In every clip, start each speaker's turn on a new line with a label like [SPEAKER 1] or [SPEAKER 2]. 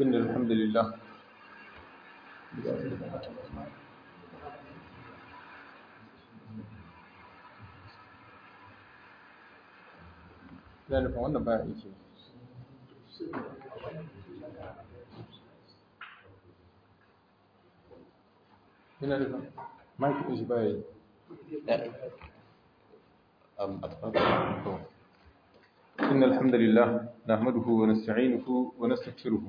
[SPEAKER 1] إن الحمد لله yana nufin wannan baya aiki yana nufin mike ɗin shi baya yi إن الحمد لله نحمده ونستعينه ونستغفره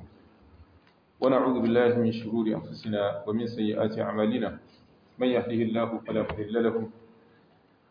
[SPEAKER 1] ونعوذ بالله من شرور أنفسنا ومن سيئات أعمالنا من يهده الله فلا مضل له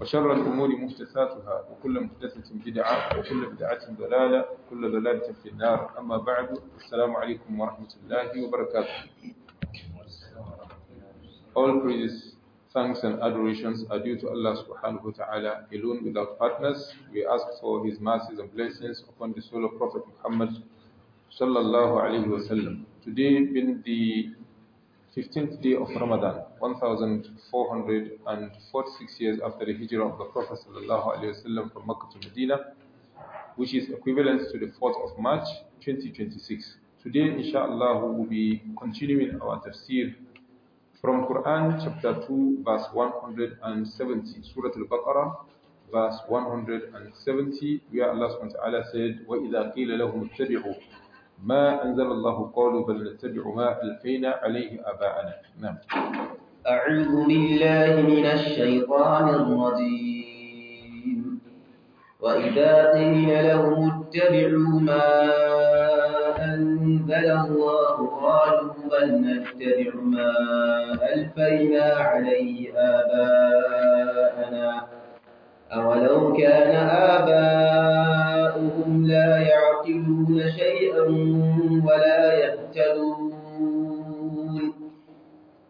[SPEAKER 1] وشر الأمور محدثاتها وكل محدثة بدعة وكل بدعة ضلالة وكل ضلالة في النار أما بعد السلام عليكم ورحمة الله وبركاته All praises, thanks and adorations are due to Allah subhanahu wa ta'ala alone without partners. We ask for His mercies and blessings upon the soul of Prophet Muhammad sallallahu alayhi wa sallam. Today being the 15th day of Ramadan, 1446 years after the hijrah of the Prophet ﷺ from Makkah to Medina, which is equivalent to the 4th of March 2026. Today, inshallah, we will be continuing our tafsir from Quran chapter 2, verse 170, Surah Al-Baqarah, verse 170, where Allah subhanahu said, وَإِذَا قِيلَ لَهُمُ اتَّبِعُوا ما أنزل الله قالوا بل نتبع ما ألقينا عليه آباءنا نعم
[SPEAKER 2] أعوذ بالله من الشيطان الرجيم وإذا قيل لهم اتبعوا ما أنزل الله قالوا بل نتبع ما ألفينا عليه آباءنا أولو كان آباؤهم لا يعقلون شيئا ولا يهتدون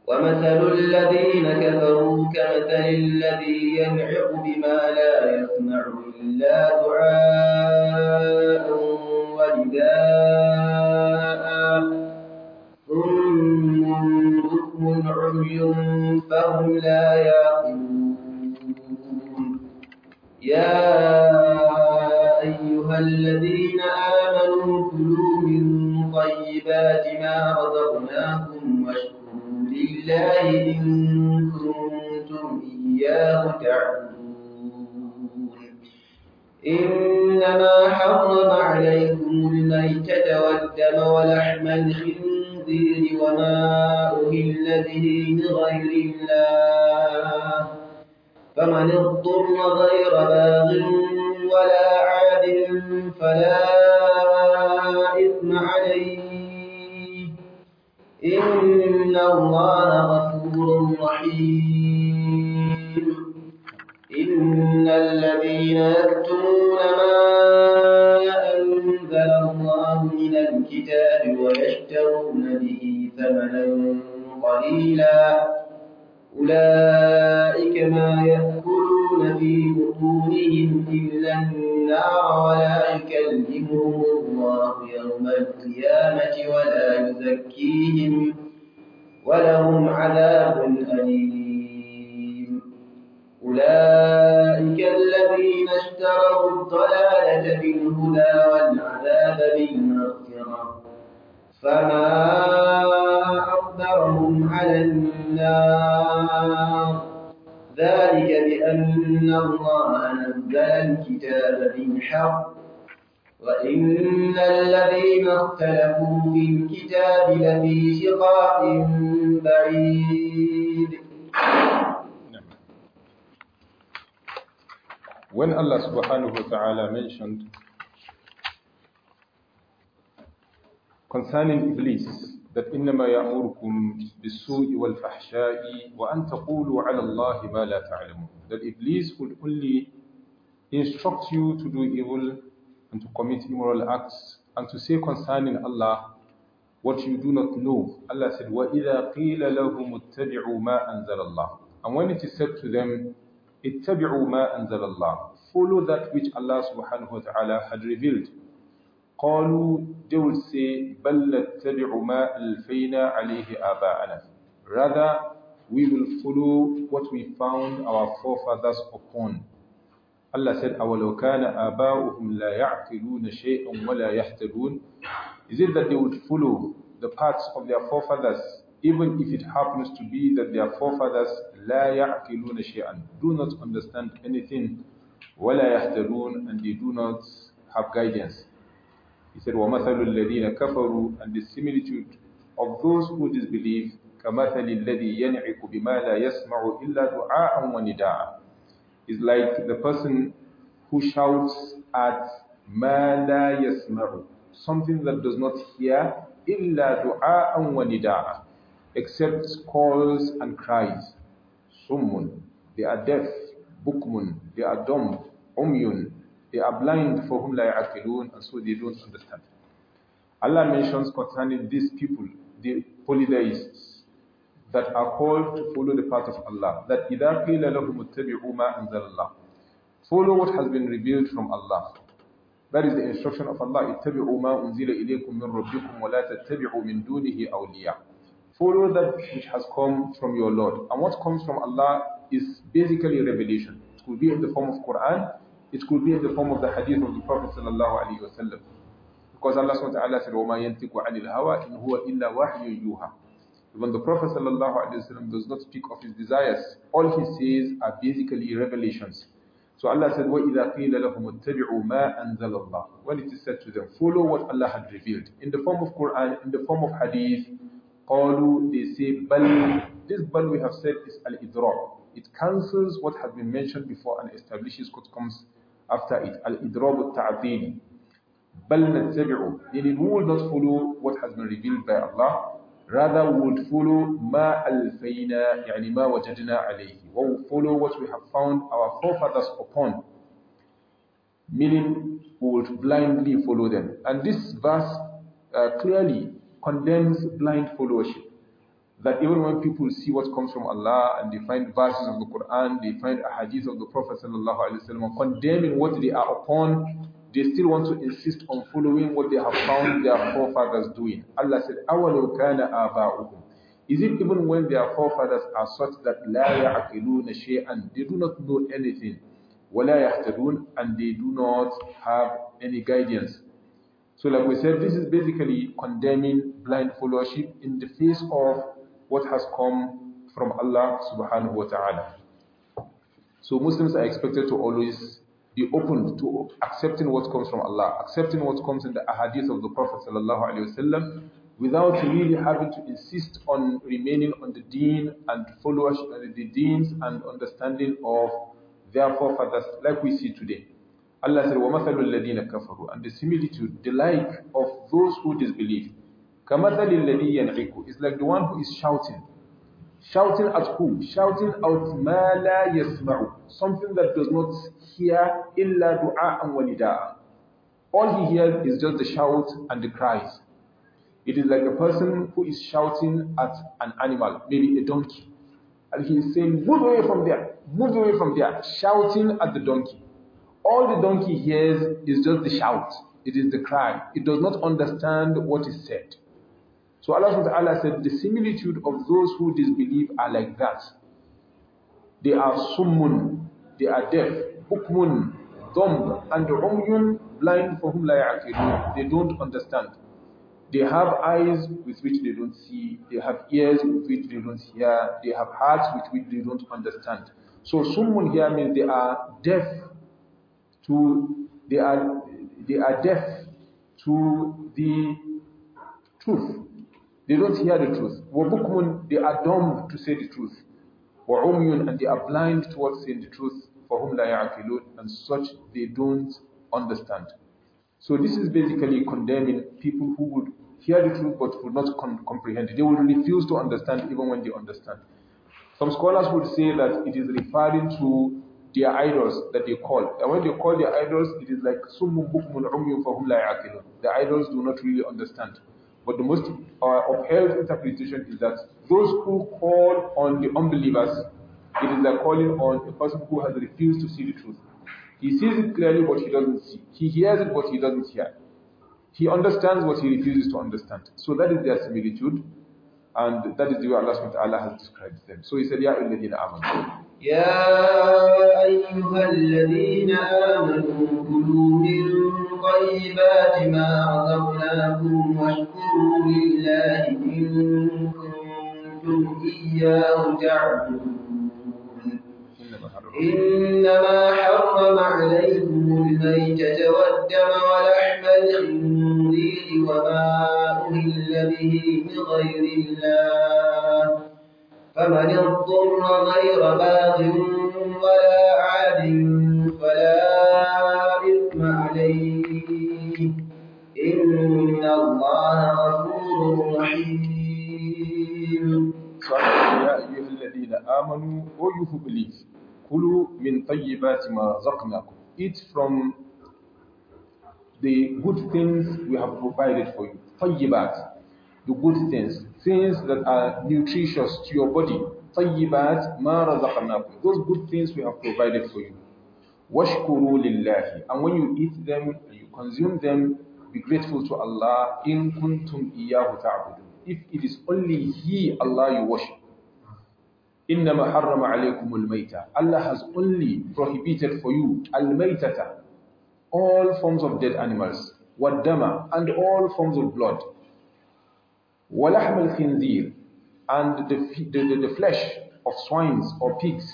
[SPEAKER 2] ومثل الذين كفروا كمثل الذي ينعق بما لا يسمع إلا دعاء ونداء صم بكم عمي فهم لا يعقلون يا أيها الذين آمنوا كلوا من طيبات ما رزقناكم واشكروا لله إن كنتم إياه تعبدون إنما حرم عليكم الميتة والدم ولحم الخنزير وما أهل به لغير الله فمن اضطر غير باغ ولا عاد فلا إثم عليه إن الله غفور رحيم إن الذين يكتمون ما أنزل الله من الكتاب ويشترون به ثمنا قليلا أولئك ما يأكلون في بطونهم إلا النار ولا يكلمهم الله يوم القيامة ولا يزكيهم ولهم عذاب أليم أولئك الذين اشتروا الضلالة بالهدى والعذاب بالمغفرة فما أكثرهم على النار ذلك بأن الله نزل الكتاب بالحق وإن الذين اختلفوا في الكتاب لفي شقاق بعيد
[SPEAKER 1] When Allah subhanahu wa ta'ala mentioned concerning Iblis بل إنما يأمركم بالسوء والفحشاء وأن تقولوا على الله ما لا تعلمون that Iblis would only instruct you to do evil and to commit immoral acts and to say concerning Allah what you do not know. Allah said, وَإِذَا قِيلَ لَهُمُ اتَّبِعُوا مَا أَنزَلَ اللَّهُ And when it is said to them, اتَّبِعُوا مَا أَنزَلَ اللَّهُ Follow that which Allah subhanahu wa ta'ala had revealed. قالوا they بل نتبع ما ألفينا عليه آباءنا rather we will follow what we found our forefathers upon Allah said kana aba'uhum la لا shay'an wa la يهتدون is it that they would follow the paths of their forefathers even if it happens to be that their forefathers la يعقلون shay'an do not understand anything wa la يهتدون and they do not have guidance He said, وَمَثَلُ الَّذِينَ كَفَرُوا And the similitude of those who disbelieve كَمَثَلِ الَّذِي يَنْعِقُ بِمَا لَا يَسْمَعُ إِلَّا دُعَاءً وَنِدَاءً Is like the person who shouts at مَا لَا يَسْمَعُ Something that does not hear إِلَّا دُعَاءً وَنِدَاءً Except calls and cries. Summun. They are deaf. Bukmun. They are dumb. Umyun. They are blind for whom are ya'qilun, and so they don't understand. Allah mentions concerning these people, the polytheists, that are called to follow the path of Allah, that إِذَا قِيلَ لَهُمُ اتَّبِعُوا مَا أَنزَلَ اللَّهُ Follow what has been revealed from Allah. That is the instruction of Allah, اتَّبِعُوا مَا أُنزِلَ إِلَيْكُم مِّن رَبِّكُمْ وَلَا تَتَّبِعُوا مِن دُونِهِ أَوْلِيَاءَ. Follow that which has come from your Lord. And what comes from Allah is basically revelation. It could be in the form of Quran, it could be in the form of the hadith of the Prophet sallallahu alaihi wasallam. Because Allah says wa said, وَمَا يَنْتِقُ عَنِ الْهَوَىٰ إِنْ هُوَ إِلَّا وَحْيٌ يُوحَىٰ When the Prophet sallallahu alaihi wasallam does not speak of his desires, all he says are basically revelations. So Allah said, وَإِذَا قِيلَ لَهُمُ اتَّبِعُوا مَا أَنزَلَ اللَّهُ When it is said to them, follow what Allah had revealed. In the form of Quran, in the form of hadith, قَالُوا They say, بَلْ This bal we have said is al-idrak. It cancels what has been mentioned before and establishes what comes after it. Al-idrab al-ta'athim. بَلْ نَتَّبِعُ Meaning we will not follow what has been revealed by Allah. Rather we will follow مَا أَلْفَيْنَا يعني مَا وَجَدْنَا عَلَيْهِ We will follow what we have found our forefathers upon. Meaning we will blindly follow them. And this verse uh, clearly condemns blind followership that even when people see what comes from Allah and they find verses of the Quran, they find a hadith of the Prophet وسلم, condemning what they are upon, they still want to insist on following what they have found their forefathers doing. Allah said, أَوَلُوْ كَانَ آبَاؤُهُمْ Is it even when their forefathers are such that لَا يَعْقِلُونَ شَيْئًا They do not know anything. وَلَا يَحْتَدُونَ And they do not have any guidance. So like we said, this is basically condemning blind followership in the face of what has come from Allah subhanahu wa ta'ala. So Muslims are expected to always be open to accepting what comes from Allah, accepting what comes in the ahadith of the Prophet sallallahu alaihi wasallam, without really having to insist on remaining on the deen and followership and uh, the deens and understanding of their forefathers like we see today. Allah said, وَمَثَلُ الَّذِينَ كَفَرُوا And the similitude, the like of those who disbelieve. كَمَثَلِ It's like the one who is shouting. Shouting at whom? Shouting out مَا لَا يَسْمَعُ Something that does not hear إِلَّا دُعَاءً وَنِدَاءً All he hears is just the shout and the cries. It is like a person who is shouting at an animal, maybe a donkey. And he is saying, move away from there, move away from there, shouting at the donkey. All the donkey hears is just the shout. It is the cry. It does not understand what is said. So Allah subhanahu said, the similitude of those who disbelieve are like that. They are summun, they are deaf, bukmun, dumb, and umyun, blind for whom la ya'qilun. They don't understand. They have eyes with which they don't see, they have ears with which they don't hear, they have hearts with which they don't understand.
[SPEAKER 2] So summun
[SPEAKER 1] here means they are deaf to they are they are deaf to the truth they don't hear the truth. Wabukmun They are dumb to say the truth. وَعُمْيٌ And they are blind towards saying the truth. فَهُمْ لَا يَعْقِلُونَ And such they don't understand. So this is basically condemning people who would hear the truth but would not comprehend it. They would refuse to understand even when they understand. Some scholars would say that it is referring to their idols that they call. And when they call their idols, it is like summun bukmun umyun fahum la yaqilun. The idols do not really understand. But the most uh, upheld interpretation is that those who call on the unbelievers, it is a calling on a person who has refused to see the truth. He sees it clearly, but he doesn't see. He hears it, but he doesn't hear. He understands what he refuses to understand. So that is their similitude, and that is the way Allah has described them. So he said, Ya amanu.
[SPEAKER 2] يا أيها الذين آمنوا كلوا من طيبات ما رزقناكم واشكروا لله إن كنتم إياه تعبدون إنما حرم عليكم الميتة والدم ولحم الخنزير وما أهل به لغير الله
[SPEAKER 1] فمن اضطر غير باغ
[SPEAKER 2] ولا عاد
[SPEAKER 1] فلا إثم عليه
[SPEAKER 2] إن الله
[SPEAKER 1] غفور رحيم يا أيها الذين آمنوا or you كلوا من طيبات ما رزقناكم eat from the good things we have provided for you طيبات the good things, things that are nutritious to your body. طيبات ما رزقناكم. Those good things we have provided for you. وَاشْكُرُوا لِلَّهِ And when you eat them and you consume them, be grateful to Allah. إِن كُنْتُمْ إِيَّاهُ تَعْبُدُونَ If it is only He, Allah, you worship. إِنَّمَا حَرَّمَ عَلَيْكُمُ الْمَيْتَةَ Allah has only prohibited for you al-maytata, all forms of dead animals, وَالدَّمَ, and all forms of blood. وَلَحْمَ الْخِنْزِيرِ And the, the, the, flesh of swines or pigs.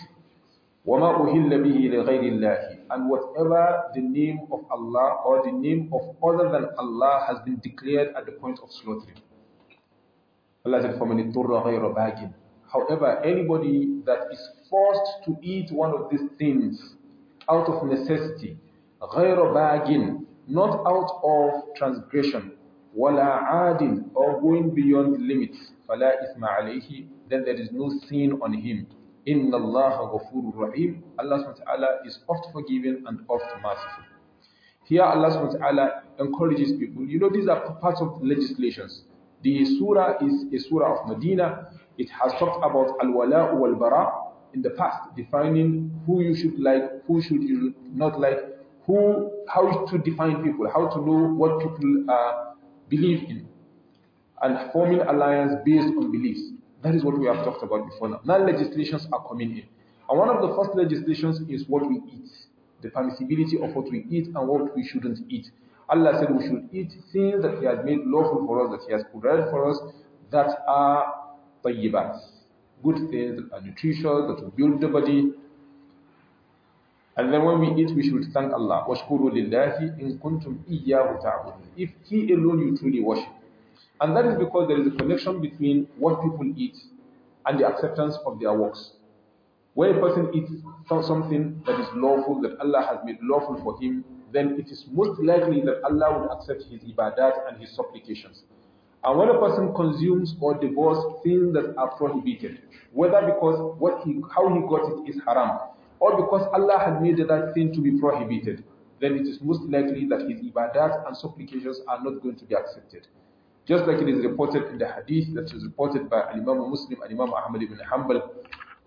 [SPEAKER 2] وَمَا أُهِلَّ بِهِ لِغَيْرِ
[SPEAKER 1] اللَّهِ And whatever the name of Allah or the name of other than Allah has been declared at the point of slaughtering. Allah said, فَمَنِ اضْطُرَّ غَيْرَ However, anybody that is forced to eat one of these things out of necessity, غَيْرَ بَاغٍ Not out of transgression wala adin or going beyond limits fala isma alayhi then there is no sin on him inna allaha ghafurur rahim allah subhanahu wa ta'ala is oft forgiving and oft merciful here allah subhanahu wa ta'ala encourages people you know these are parts of legislations the surah is a surah of medina it has talked about al-wala wal bara in the past defining who you should like who should you not like who how to define people how to know what people are believe in and forming alliance based on beliefs. That is what we have talked about before now. Now legislations are coming in. And one of the first legislations is what we eat, the permissibility of what we eat and what we shouldn't eat. Allah said we should eat things that He has made lawful for us, that He has provided for us, that are tayyibat, good things that are nutritious, that will build the body, and then when we eat, we should thank Allah. لِلَّهِ إِن كُنْتُمْ إِيَّاهُ تَعْبُدُونَ If He alone you truly worship. And that is because there is a connection between what people eat and the acceptance of their works. When a person eats something that is lawful, that Allah has made lawful for him, then it is most likely that Allah will accept his ibadat and his supplications. And when a person consumes or devours things that are prohibited, whether because what he, how he got it is haram, or because Allah had made that thing to be prohibited, then it is most likely that his ibadat and supplications are not going to be accepted. Just like it is reported in the hadith that is reported by Imam Muslim and Imam Ahmad ibn Hanbal,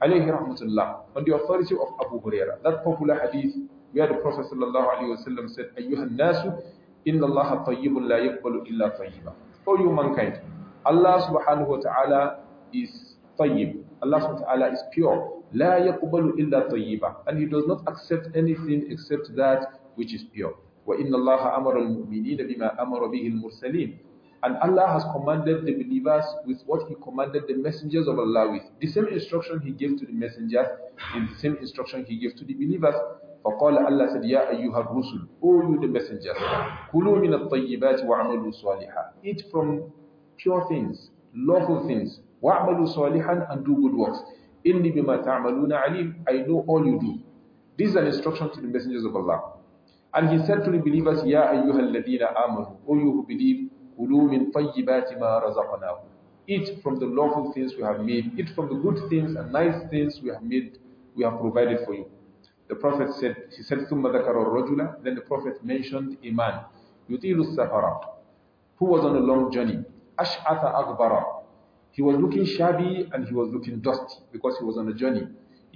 [SPEAKER 1] alayhi rahmatullah, on the authority of Abu Huraira, that popular hadith where the Prophet sallallahu alayhi wasallam said, أَيُّهَا النَّاسُ إِنَّ اللَّهَ طَيِّبٌ لَا يَقْبَلُ إِلَّا طَيِّبًا O you mankind, Allah subhanahu wa ta'ala is tayyib, Allah subhanahu wa ta'ala is pure, لا يقبل إلا طيبا and he does not accept anything except that which is pure وإن الله أمر المؤمنين بما أمر به المرسلين and Allah has commanded the believers with what he commanded the messengers of Allah with the same instruction he gave to the messengers is the same instruction he gave to the believers فقال Allah said يا أيها الرسل O you the messengers كلوا من الطيبات وعملوا صالحا eat from pure things lawful things وعملوا صالحا and do good works Inni bima ta'amaluna alim. I know all you do. This is an instruction to the messengers of Allah. And he said to the believers, Ya ayyuhal ladina amanu. O you who believe, kulu min tayyibati ma razaqnakum. Eat from the lawful things we have made. Eat from the good things and nice things we have made, we have provided for you. The Prophet said, he said, ثُمَّ ذَكَرَ الرَّجُلَ Then the Prophet mentioned a man, يُطِيلُ السَّفَرَ Who was on a long journey. أَشْعَثَ أَغْبَرَ he was looking shabby and he was looking dusty because he was on a journey.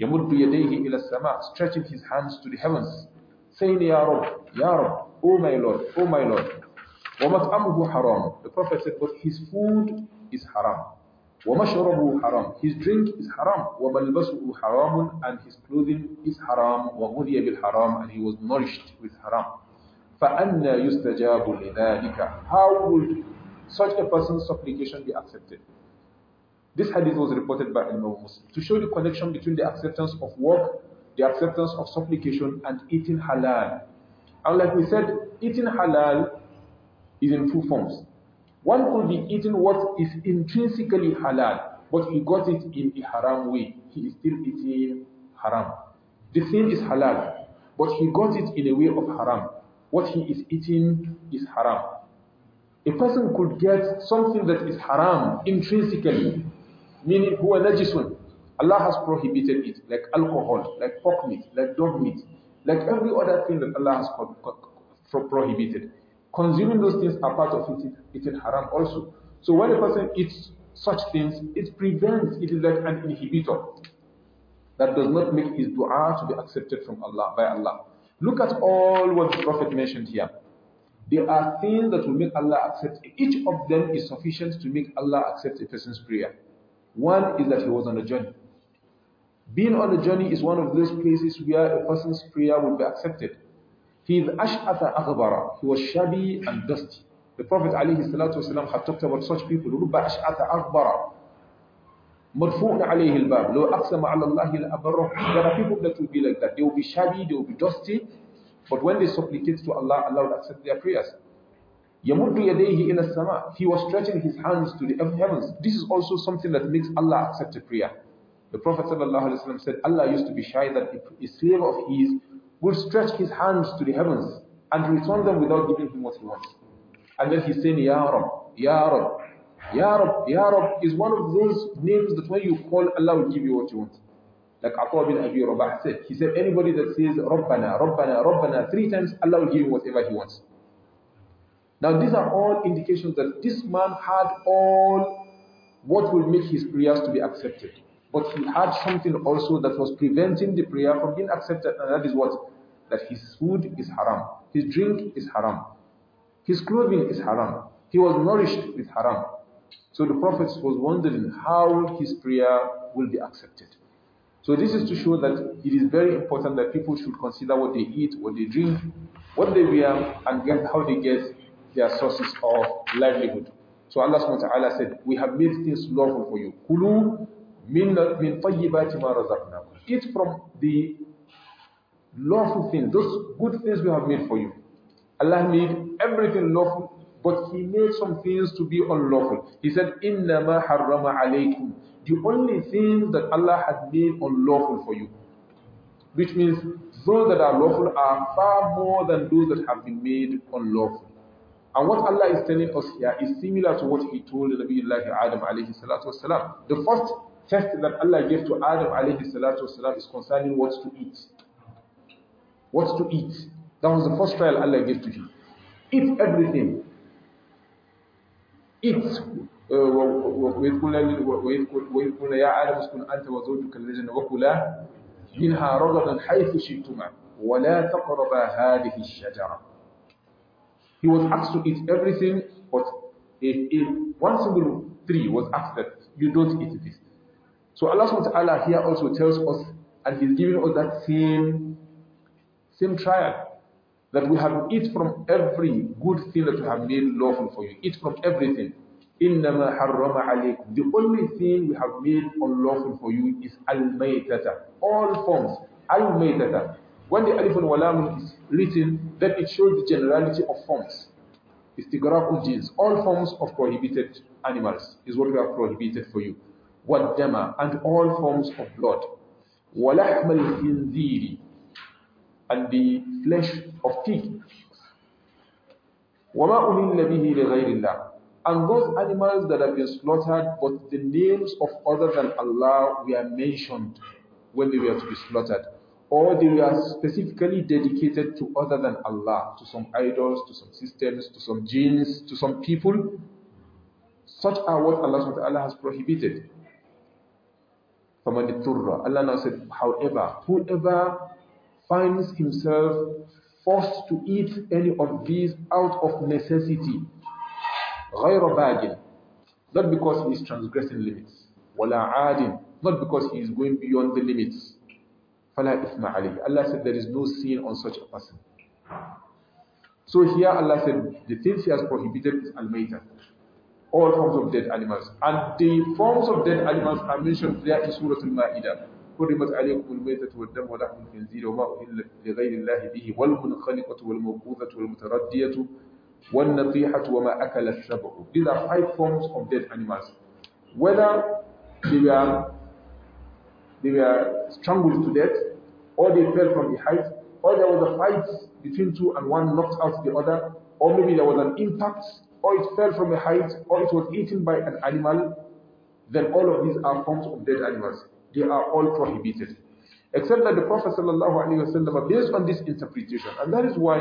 [SPEAKER 1] يَمُدُّ يَدَيْهِ إِلَى السَّمَاءِ Stretching his hands to the heavens, saying, Ya Rabb, Ya Rabb, O my Lord, O my Lord. وَمَطْعَمُهُ حَرَامٌ The Prophet said, but his food is haram. وَمَشْرَبُهُ حَرَامٌ His drink is haram. وَمَلْبَسُهُ حَرَامٌ And his clothing is haram. وَغُذِيَ بِالْحَرَامِ And he was nourished with haram. فَأَنَّا يُسْتَجَابُ لِذَٰلِكَ How would such a person's supplication be accepted? This hadith was reported by Imam Muslim to show the connection between the acceptance of work, the acceptance of supplication, and eating halal. And like we said, eating halal is in two forms. One could be eating what is intrinsically halal, but he got it in a haram way. He is still eating haram. The thing is halal, but he got it in a way of haram. What he is eating is haram. A person could get something that is haram intrinsically, meaning who huwa one. Allah has prohibited it, like alcohol, like pork meat, like dog meat, like every other thing that Allah has pro prohibited. Consuming those things are part of eating, eating haram also. So when a person eats such things, it prevents, it is like an inhibitor that does not make his dua to be accepted from Allah by Allah. Look at all what the Prophet mentioned here. There are things that will make Allah accept. Each of them is sufficient to make Allah accept a person's prayer. One is that he was on a journey. Being on a journey is one of those places where a person's prayer will be accepted. He aghbara. He was shabby and dusty. The Prophet والسلام, had talked about such people. There are people that will be like that. They will be shabby, they will be dusty. But when they supplicate to Allah, Allah will accept their prayers. Yamuddu yadehi ila sama. He was stretching his hands to the heavens. This is also something that makes Allah accept a prayer. The Prophet said, Allah used to be shy that a slave of his would stretch his hands to the heavens and return them without giving him what he wants. And then he's saying, Ya Rab, Ya Rab, Ya Rab, Ya Rab is one of those names that when you call, Allah will give you what you want. Like Atta bin Abi Rabah said, he said, anybody that says Rabbana, Rabbana, Rabbana three times, Allah will give you whatever he wants. Now, these are all indications that this man had all what will make his prayers to be accepted. But he had something also that was preventing the prayer from being accepted, and that is what? That his food is haram, his drink is haram, his clothing is haram, he was nourished with haram. So the Prophet was wondering how his prayer will be accepted. So this is to show that it is very important that people should consider what they eat, what they drink, what they wear, and how they get their sources of livelihood. So Allah subhanahu wa ta'ala said, we have made things lawful for you. Kulu min tayyibati ma razaqnakum. Eat from the lawful things, those good things we have made for you. Allah made everything lawful, but He made some things to be unlawful. He said, "Inna ma harrama alaykum. The only things that Allah had made unlawful for you, which means those that are lawful are far more than those that have been made unlawful. And what Allah is telling us here is similar to what He told Nabiullah Adam alayhi salatu wasalam. The first test that Allah gave to Adam alayhi salatu wasalam is concerning what to eat. What to eat. That was the first trial Allah gave to him. Eat everything. Eat. وإذ قلنا يا آدم اسكن أنت وزوجك الجنة وكلا منها رغدا حيث شئتما ولا تقربا هذه الشجرة He was asked to eat everything, but if, if one single tree was asked that you don't eat this. So Allah SWT here also tells us and He's giving us that same same trial that we have eat from every good thing that we have made lawful for you. Eat from everything. إنما حرم عليكم The only thing we have made unlawful for you is al-maytata. All forms. Al-maytata. When the alif and walam is written, then it shows the generality of forms. Istighraqul jins, all forms of prohibited animals is what we have prohibited for you. dama and all forms of blood. walakmalikin ziri khinziri and the flesh of pig. wama أُهِلَّ بِهِ لِغَيْرِ And those animals that have been slaughtered, but the names of other than Allah were mentioned when they were to be slaughtered or they are specifically dedicated to other than Allah, to some idols, to some systems, to some jinn, to some people. Such are what Allah SWT has prohibited. Allah now said, however, whoever finds himself forced to eat any of these out of necessity, not because he is transgressing limits, not because he is going beyond the limits, Allah said there is no sin on such a person. So here Allah said the things he has prohibited is al all forms of dead animals. And the forms of dead animals are mentioned there in Surah Al-Ma'idah. حرمت عليكم الميتة والدم ولحم الخنزير وما أهل لغير الله به والمنخنقة والموقوذة والمتردية والنطيحة وما أكل السبع. These are five forms of dead animals. Whether they were they were strangled to death, or they fell from the height, or there was a fight between two and one knocked out the other, or maybe there was an impact, or it fell from a height, or it was eaten by an animal, then all of these are forms of dead animals. They are all prohibited. Except that the Prophet wasallam, based on this interpretation, and that is why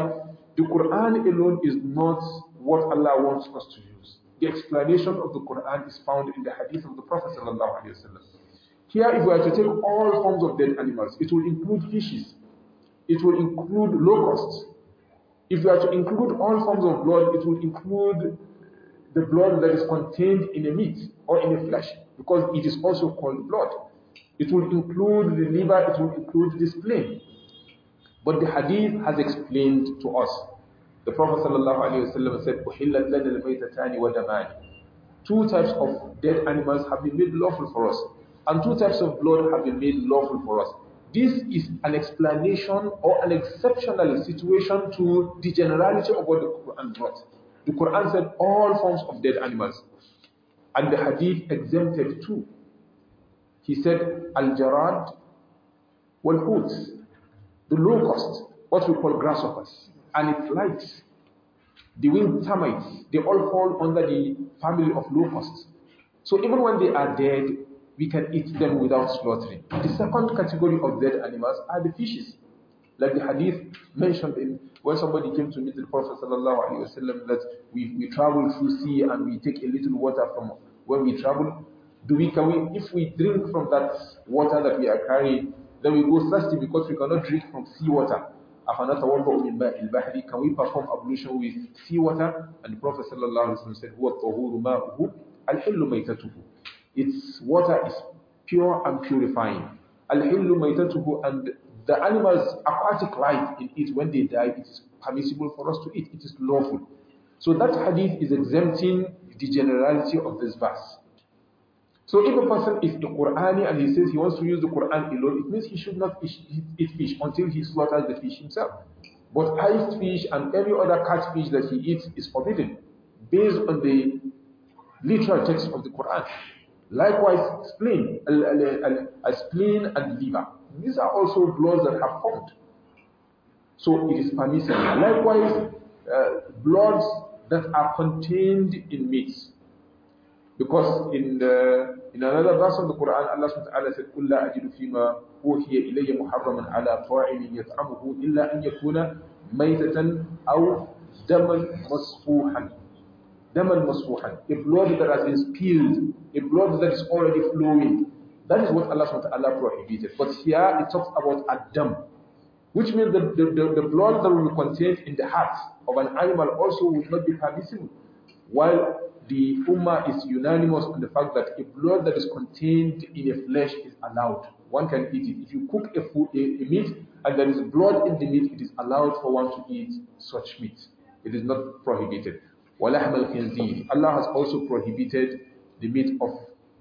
[SPEAKER 1] the Quran alone is not what Allah wants us to use. The explanation of the Quran is found in the hadith of the Prophet sallallahu alaihi wasallam. Here, if we are to take all forms of dead animals, it will include fishes, it will include locusts. If we are to include all forms of blood, it will include the blood that is contained in a meat or in a flesh, because it is also called blood. It will include the liver, it will include the spleen. But the hadith has explained to us. The Prophet ﷺ said, Two types of dead animals have been made lawful for us and two types of blood have been made lawful for us. This is an explanation or an exceptional situation to the generality of what the Quran brought. The Quran said all forms of dead animals, and the Hadith exempted two. He said al-jarad, well, hut the locust, what we call grasshoppers, and it likes. The winged termites, they all fall under the family of locusts. So even when they are dead, we can eat them without slaughtering. The second category of dead animals are the fishes. Like the hadith mentioned in when somebody came to meet the Prophet وسلم, that we, we travel through sea and we take a little water from when we travel. Do we can we if we drink from that water that we are carrying, then we go thirsty because we cannot drink from seawater. Can we perform ablution with seawater? And the Prophet ﷺ said, هُوَ its water is pure and purifying. Al-hillu maytatuhu and the animal's aquatic life in it, when they die, it is permissible for us to eat. It is lawful. So that hadith is exempting the generality of this verse. So if a person is the Qur'ani and he says he wants to use the Qur'an alone, it means he should not eat fish until he slaughters the fish himself. But iced fish and every other catfish that he eats is forbidden based on the literal text of the Qur'an. Likewise, spleen, a spleen and liver. These are also bloods that have formed. So it is permissible. Likewise, uh, bloods that are contained in meats. Because in the, in another verse of the Quran, Allah subhanahu wa ta'ala said, قُلْ لَا أَجِدُ فِي مَا أُوحِيَ إِلَيَّ مُحَرَّمًا عَلَى illa an إِلَّا أَنْ يَكُونَ مَيْتَةً أَوْ daman masfuhan, a blood that has been spilled, a blood that is already flowing. That is what Allah SWT prohibited. But here it talks about adam, which means the, the, the, the blood that will be contained in the heart of an animal also will not be permissible. While the Ummah is unanimous on the fact that a blood that is contained in a flesh is allowed. One can eat it. If you cook a, food, a, a meat and there is blood in the meat, it is allowed for one to eat such meat. It is not prohibited. وَلَحْمَ الْخِنْزِيرِ Allah has also prohibited the meat of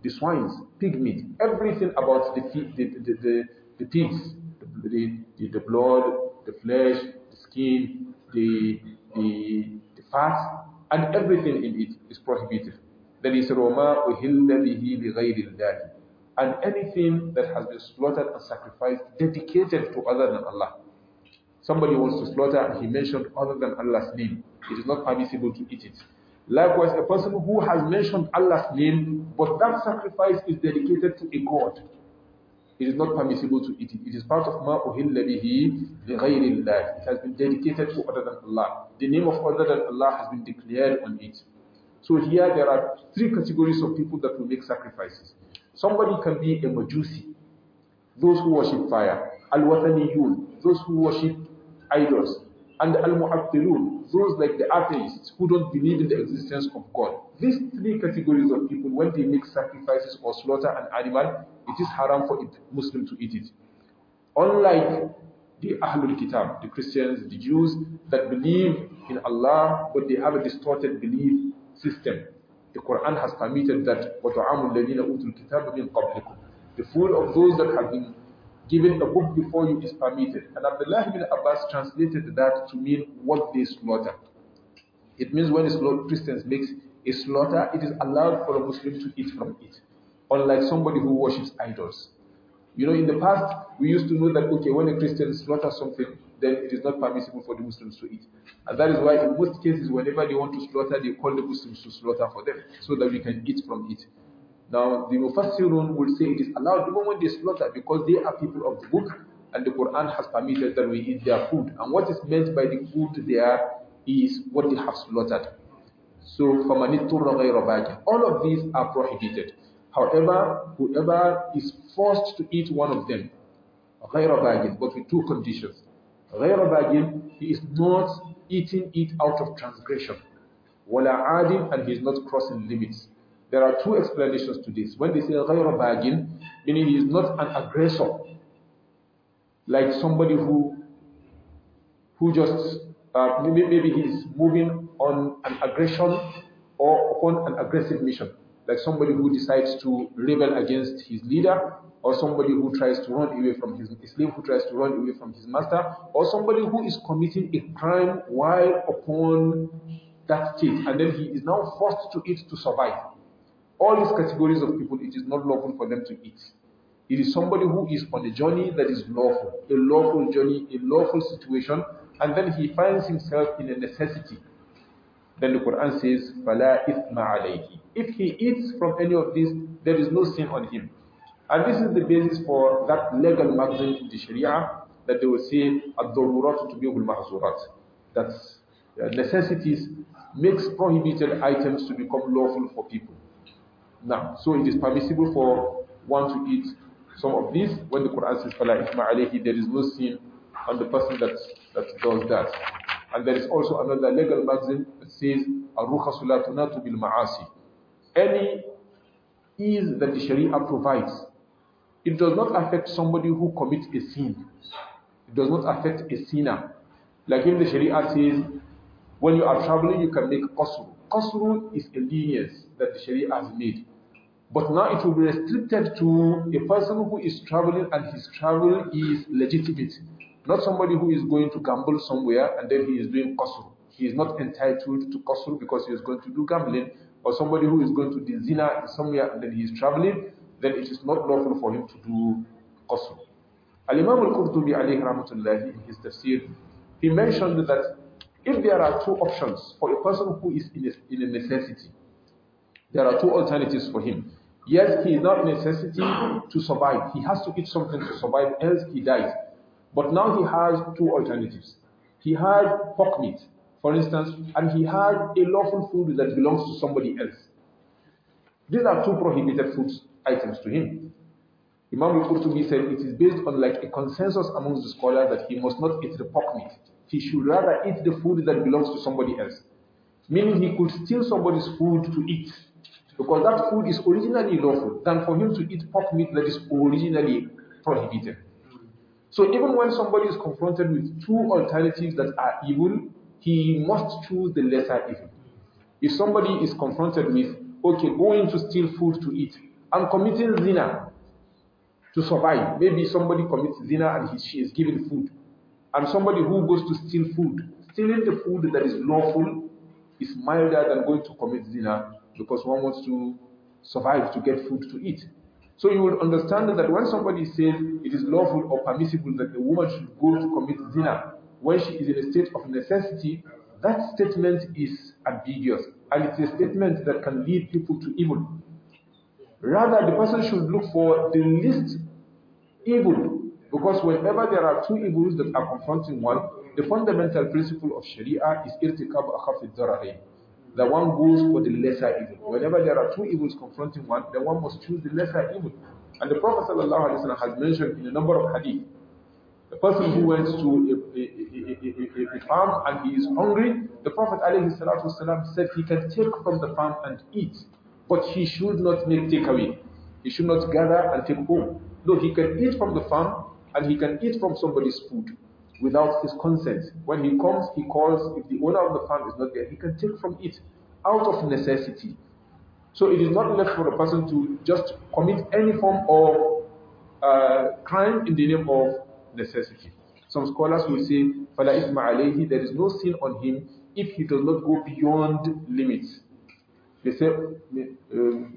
[SPEAKER 1] the swines, pig meat, everything about the, the, the, the, the pigs, the, the, the, blood, the flesh, the skin, the, the, the fat, and everything in it is prohibited. Then he said, وَمَا أُهِلَّ And anything that has been slaughtered and sacrificed dedicated to other than Allah somebody wants to slaughter, he mentioned other than Allah's name. It is not permissible to eat it. Likewise, a person who has mentioned Allah's name, but that sacrifice is dedicated to a god, it is not permissible to eat it. It is part of ma uhilla bihi It has been dedicated to other than Allah. The name of other than Allah has been declared on it. So here there are three categories of people that will make sacrifices. Somebody can be a Majusi, those who worship fire. Al-Wathaniyun, those who worship idols, and al-mu'attilun, those like the atheists who don't believe in the existence of God. These three categories of people, when they make sacrifices or slaughter an animal, it is haram for a Muslim to eat it. Unlike the Ahlul Kitab, the Christians, the Jews that believe in Allah, but they have a distorted belief system. The Quran has permitted that The food of those that have been giving the book before you is permitted. And Abdullah ibn Abbas translated that to mean what they slaughter. It means when Christians makes a slaughter, it is allowed for a Muslim to eat from it, unlike somebody who worships idols. You know, in the past, we used to know that, okay, when a Christian slaughters something, then it is not permissible for the Muslims to eat. And that is why in most cases, whenever they want to slaughter, they call the Muslims to slaughter for them, so that we can eat from it. Now, the Mufassirun will say it is allowed even when they slaughter because they are people of the book and the Quran has permitted that we eat their food. And what is meant by the food there is what they have slaughtered. So, all of these are prohibited. However, whoever is forced to eat one of them, but with two conditions. he is not eating it out of transgression. وَلَا عَادٍ And he is not crossing limits. There are two explanations to this. When they say غَيْرَ bagin, meaning he is not an aggressor, like somebody who, who just, uh, maybe he is moving on an aggression or upon an aggressive mission, like somebody who decides to rebel against his leader, or somebody who tries to run away from his slave, who tries to run away from his master, or somebody who is committing a crime while upon that state, and then he is now forced to it to survive all these categories of people, it is not lawful for them to eat. It is somebody who is on a journey that is lawful, a lawful journey, a lawful situation, and then he finds himself in a necessity. Then the Quran says, فَلَا إِثْمَ عَلَيْهِ If he eats from any of these, there is no sin on him. And this is the basis for that legal maxim in the Sharia that they will say, الضرورات تبيه المحظورات. That necessities makes prohibited items to become lawful for people. Now, so it is permissible for one to eat some of this when the Quran says Fala alayhi, there is no sin on the person that, that does that. And there is also another legal maxim that says Aruha Sulatunatu bil Ma'asi. Any ease that the Sharia provides, it does not affect somebody who commits a sin. It does not affect a sinner. Like if the Sharia says, when you are traveling, you can make qasr. Qasrun is a lenience that the Sharia has made. But now it will be restricted to a person who is traveling and his travel is legitimate. Not somebody who is going to gamble somewhere and then he is doing qasr. He is not entitled to qasr because he is going to do gambling. Or somebody who is going to do zina somewhere and then he is traveling, then it is not lawful for him to do qasr. Al-Imam al-Qurtubi alayhi in his tafsir, he mentioned that if there are two options for a person who is in a, in a necessity, there are two alternatives for him. Yes, he is not necessity to survive. He has to eat something to survive, else he dies. But now he has two alternatives. He had pork meat, for instance, and he had a lawful food that belongs to somebody else. These are two prohibited food items to him. Imam al-Qurtubi said it is based on like a consensus amongst the scholars that he must not eat the pork meat he should rather eat the food that belongs to somebody else. Meaning he could steal somebody's food to eat. Because that food is originally lawful than for him to eat pork meat that is originally prohibited. So even when somebody is confronted with two alternatives that are evil, he must choose the lesser evil. If somebody is confronted with, okay, going to steal food to eat, I'm committing zina to survive. Maybe somebody commits zina and he, she is given food. And somebody who goes to steal food, stealing the food that is lawful is milder than going to commit zina because one wants to survive to get food to eat. So you would understand that when somebody says it is lawful or permissible that a woman should go to commit zina when she is in a state of necessity, that statement is ambiguous and it's a statement that can lead people to evil. Rather, the person should look for the least evil because whenever there are two evils that are confronting one, the fundamental principle of Sharia is irtikab akhafid dararain. The one goes for the lesser evil. Whenever there are two evils confronting one, the one must choose the lesser evil. And the Prophet ﷺ has mentioned in a number of hadith, the person who went to a, a, a, a farm and he is hungry, the Prophet ﷺ said he can take from the farm and eat, but he should not make takeaway. He should not gather and take home. No, he can eat from the farm, and he can eat from somebody's food without his consent. When he comes, he calls, if the owner of the farm is not there, he can take from it out of necessity. So it is not left for a person to just commit any form of uh, crime in the name of necessity. Some scholars will say, فَلَا إِثْمَ عَلَيْهِ There is no sin on him if he does not go beyond limits. They say, فَمَنْ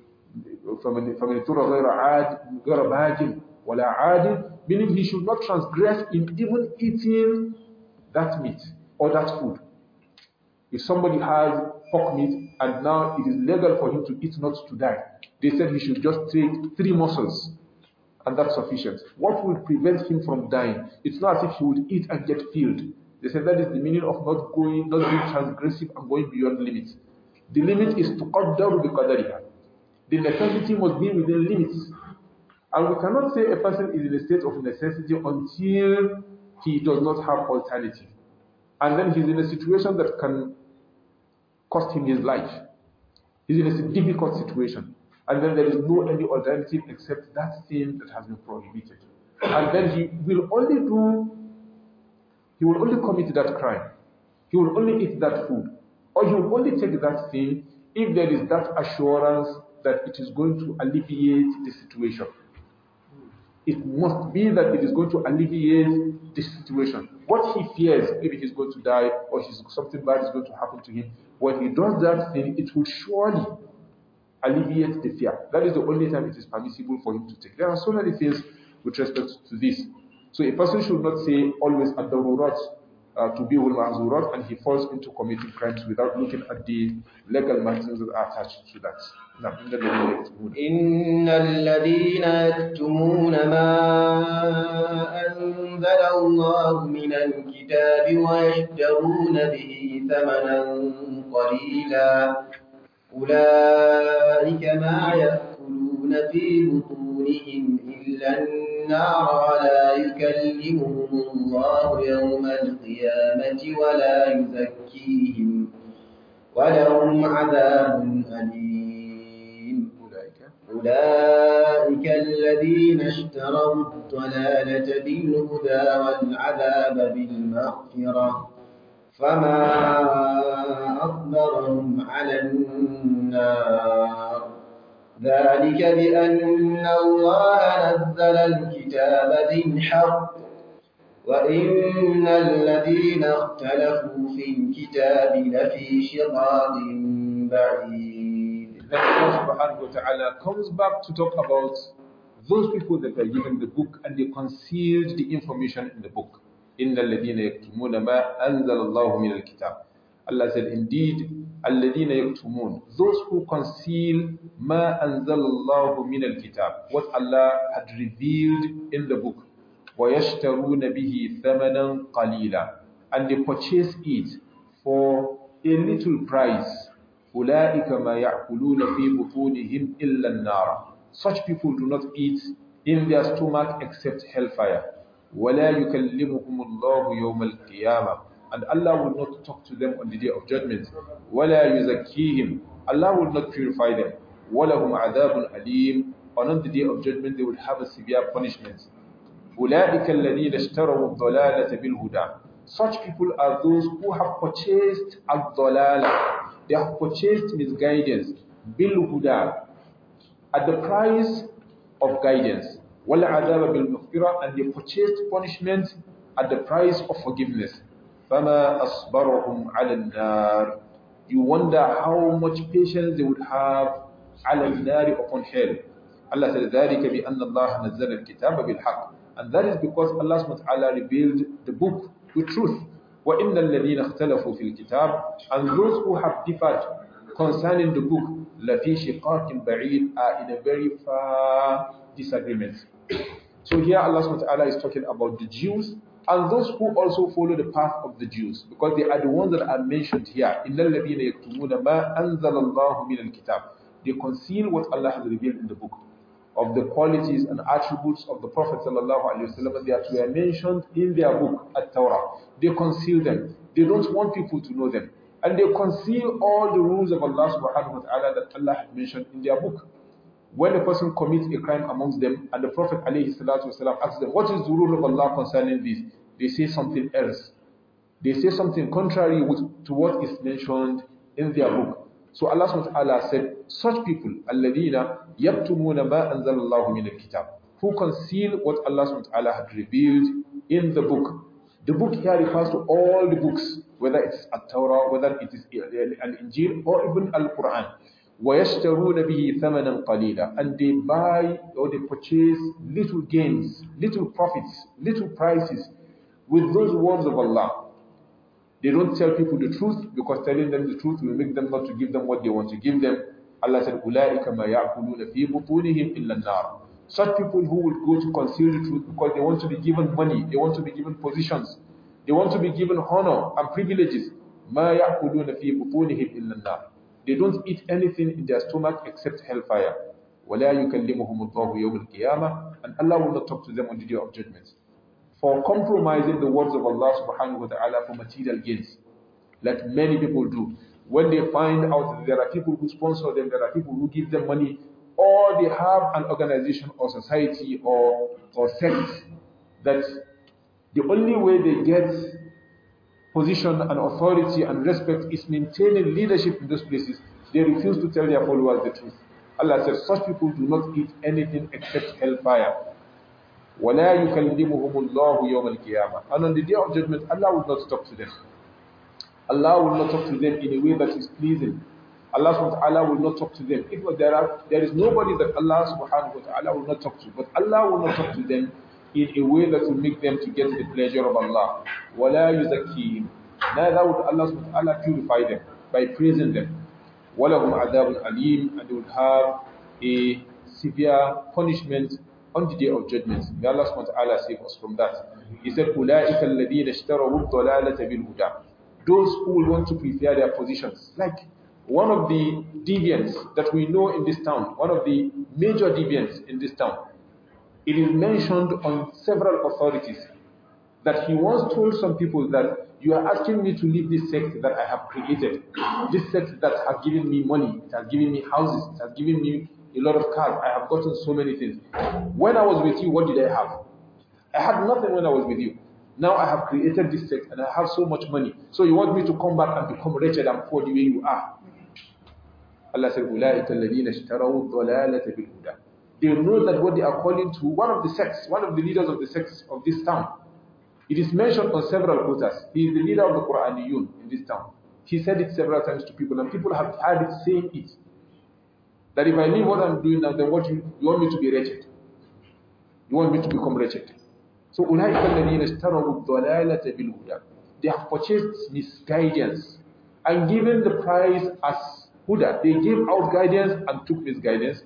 [SPEAKER 1] تُرَ غَيْرَ عَادٍ غَيْرَ wala adin, meaning he should not transgress in even eating that meat or that food. If somebody has pork meat and now it is legal for him to eat not to die, they said he should just take three morsels and that's sufficient. What will prevent him from dying? It's not as if he would eat and get filled. They said that is the meaning of not going, not being transgressive and going beyond limits. The limit is to قدر بقدرها. The necessity must be within limits. And we cannot say a person is in a state of necessity until he does not have alternative. And then he's in a situation that can cost him his life. He's in a difficult situation. And then there is no any alternative except that thing that has been prohibited. And then he will only do, he will only commit that crime. He will only eat that food. Or he will only take that thing if there is that assurance that it is going to alleviate the situation it must be that it is going to alleviate the situation. What he fears, maybe he's going to die or he's, something bad is going to happen to him. When he does that thing, it will surely alleviate the fear. That is the only time it is permissible for him to take. There are so many things with respect to this. So a person should not say always at the uh, to be with mahzurat and he falls into committing crimes without looking at the legal mechanisms that are attached to that.
[SPEAKER 2] إن الذين يكتمون ما أنزل الله من الكتاب ويشترون به ثمنا قليلا أولئك ما يأكلون في بطونهم إلا النار النار ولا يكلمهم الله يوم القيامة ولا يزكيهم ولهم عذاب أليم أولئك الذين اشتروا الضلالة بالهدى والعذاب بالمغفرة فما أصبرهم على النار ذلك بأن الله نزل الكتاب بالحق وإن الذين اختلفوا
[SPEAKER 1] في الكتاب لفي شقاق بعيد. Then Allah subhanahu wa ta'ala comes back to talk about those people that were given the book and they concealed the information in the book. إن الذين يكتمون ما أنزل الله من الكتاب Allah said, Indeed, الَّذِينَ يَكْتُمُونَ Those who conceal مَا أَنزَلَ اللَّهُ مِنَ الْكِتَابِ What Allah had revealed in the book. وَيَشْتَرُونَ بِهِ ثَمَنًا قَلِيلًا And they purchase it for a little price. أُولَٰئِكَ مَا يَعْقُلُونَ فِي بُطُونِهِمْ إِلَّا النَّارَ Such people do not eat in their stomach except hellfire. وَلَا يُكَلِّمُهُمُ اللَّهُ يَوْمَ الْقِيَامَةِ and Allah will not talk to them on the day of judgment. وَلَا yuzakihim. Allah will not purify them. وَلَهُمْ عَذَابٌ أَلِيمٌ And on the day of judgment they will have a severe punishment. أُولَٰئِكَ الَّذِينَ اشْتَرَوُوا الضَّلَالَةَ huda. Such people are those who have purchased al They have purchased misguidance, bil-huda, at the price of guidance. bil بِالْمَغْفِرَةِ And they purchased punishment at the price of forgiveness. فَمَا أَصْبَرُهُمْ عَلَى النَّارِ You wonder how much patience they would have على النار upon hell. Allah said, ذَلِكَ بِأَنَّ اللَّهَ نَزَّلَ الْكِتَابَ بِالْحَقِّ And that is because Allah SWT revealed the book to truth. وَإِنَّ الَّذِينَ اخْتَلَفُوا فِي الْكِتَابِ And those who have differed concerning the book, لَفِي شِقَاقٍ بَعِيدٍ are in a very far disagreement. So here Allah SWT is talking about the Jews and those who also follow the path of the Jews, because they are the ones that are mentioned here. They conceal what Allah has revealed in the book of the qualities and attributes of the Prophet ﷺ that were mentioned in their book, At-Torah. They conceal them. They don't want people to know them. And they conceal all the rules of Allah subhanahu wa ta'ala that Allah had mentioned in their book when a person commits a crime amongst them and the Prophet والسلام, asks them, what is the rule of Allah concerning this? They say something else. They say something contrary with, to what is mentioned in their book. So Allah SWT said, such people, الَّذِينَ يَكْتُمُونَ مَا أَنزَلَ اللَّهُ مِنَ الْكِتَابِ Who conceal what Allah SWT had revealed in the book. The book here refers to all the books, whether it's a Torah, whether it is an Injil, or even Al-Quran. وَيَشْتَرُونَ بِهِ ثَمَنًا قَلِيلًا And they buy or they purchase little gains, little profits, little prices with those words of Allah. They don't tell people the truth because telling them the truth will make them not to give them what they want to give them. Allah said, أُولَٰئِكَ مَا يَعْقُلُونَ فِي بُطُونِهِمْ إِلَّا النَّارِ Such people who will go to conceal the truth because they want to be given money, they want to be given positions, they want to be given honor and privileges. مَا يَعْقُلُونَ فِي بُطُونِهِمْ إِلَّا النَّارِ they don't eat anything in their stomach except hellfire. وَلَا يُكَلِّمُهُمُ اللَّهُ يَوْمَ الْقِيَامَةِ And Allah will not talk to them on the day of judgment. For compromising the words of Allah subhanahu wa ta'ala for material gains, like many people do. When they find out that there are people who sponsor them, there are people who give them money, or they have an organization or society or, or sect that the only way they get position and authority and respect is maintaining leadership in those places, they refuse to tell their followers the truth. Allah says, such people do not eat anything except hellfire.
[SPEAKER 2] وَلَا يُكَلِّمُهُمُ
[SPEAKER 1] اللَّهُ يَوْمَ الْقِيَامَةِ And on the day of judgment, Allah will not talk to them. Allah will not talk to them in a way that is pleasing. Allah subhanahu wa ta'ala will not talk to them. If there, are, there is nobody that Allah subhanahu wa ta'ala will not talk to, but Allah will not talk to them in a way that will make them to get the pleasure of Allah. وَلَا يُزَكِّيهِمْ Neither would Allah subhanahu purify them by praising them. وَلَهُمْ عَذَابٌ أَلِيمٌ And they would have a severe punishment on the day of judgment. May Allah subhanahu save us from that. He said, أُولَٰئِكَ الَّذِينَ اشْتَرَوُوا الضَّلَالَةَ بِالْهُدَىٰ Those who want to prepare their positions. Like one of the deviants that we know in this town, one of the major deviants in this town, it is mentioned on several authorities that he once told some people that you are asking me to leave this sect that I have created, this sect that has given me money, it has given me houses, it has given me a lot of cars, I have gotten so many things. When I was with you, what did I have? I had nothing when I was with you. Now I have created this sect and I have so much money. So you want me to come back and become wretched and poor the way you are? Allah said, they know that what they are calling to one of the sects, one of the leaders of the sects of this town. It is mentioned on several quotas. He is the leader of the Quraniyun in this town. He said it several times to people, and people have heard it saying it. That if I leave what I'm doing now, then what you, you want me to be wretched? You want me to become wretched?
[SPEAKER 2] So, أُولَٰئِكَ الَّذِينَ
[SPEAKER 1] اشْتَرَوُوا الضَّلَالَةَ بِالْهُدَىٰ They have purchased misguidance and given the price as huda. They gave out guidance and took misguidance.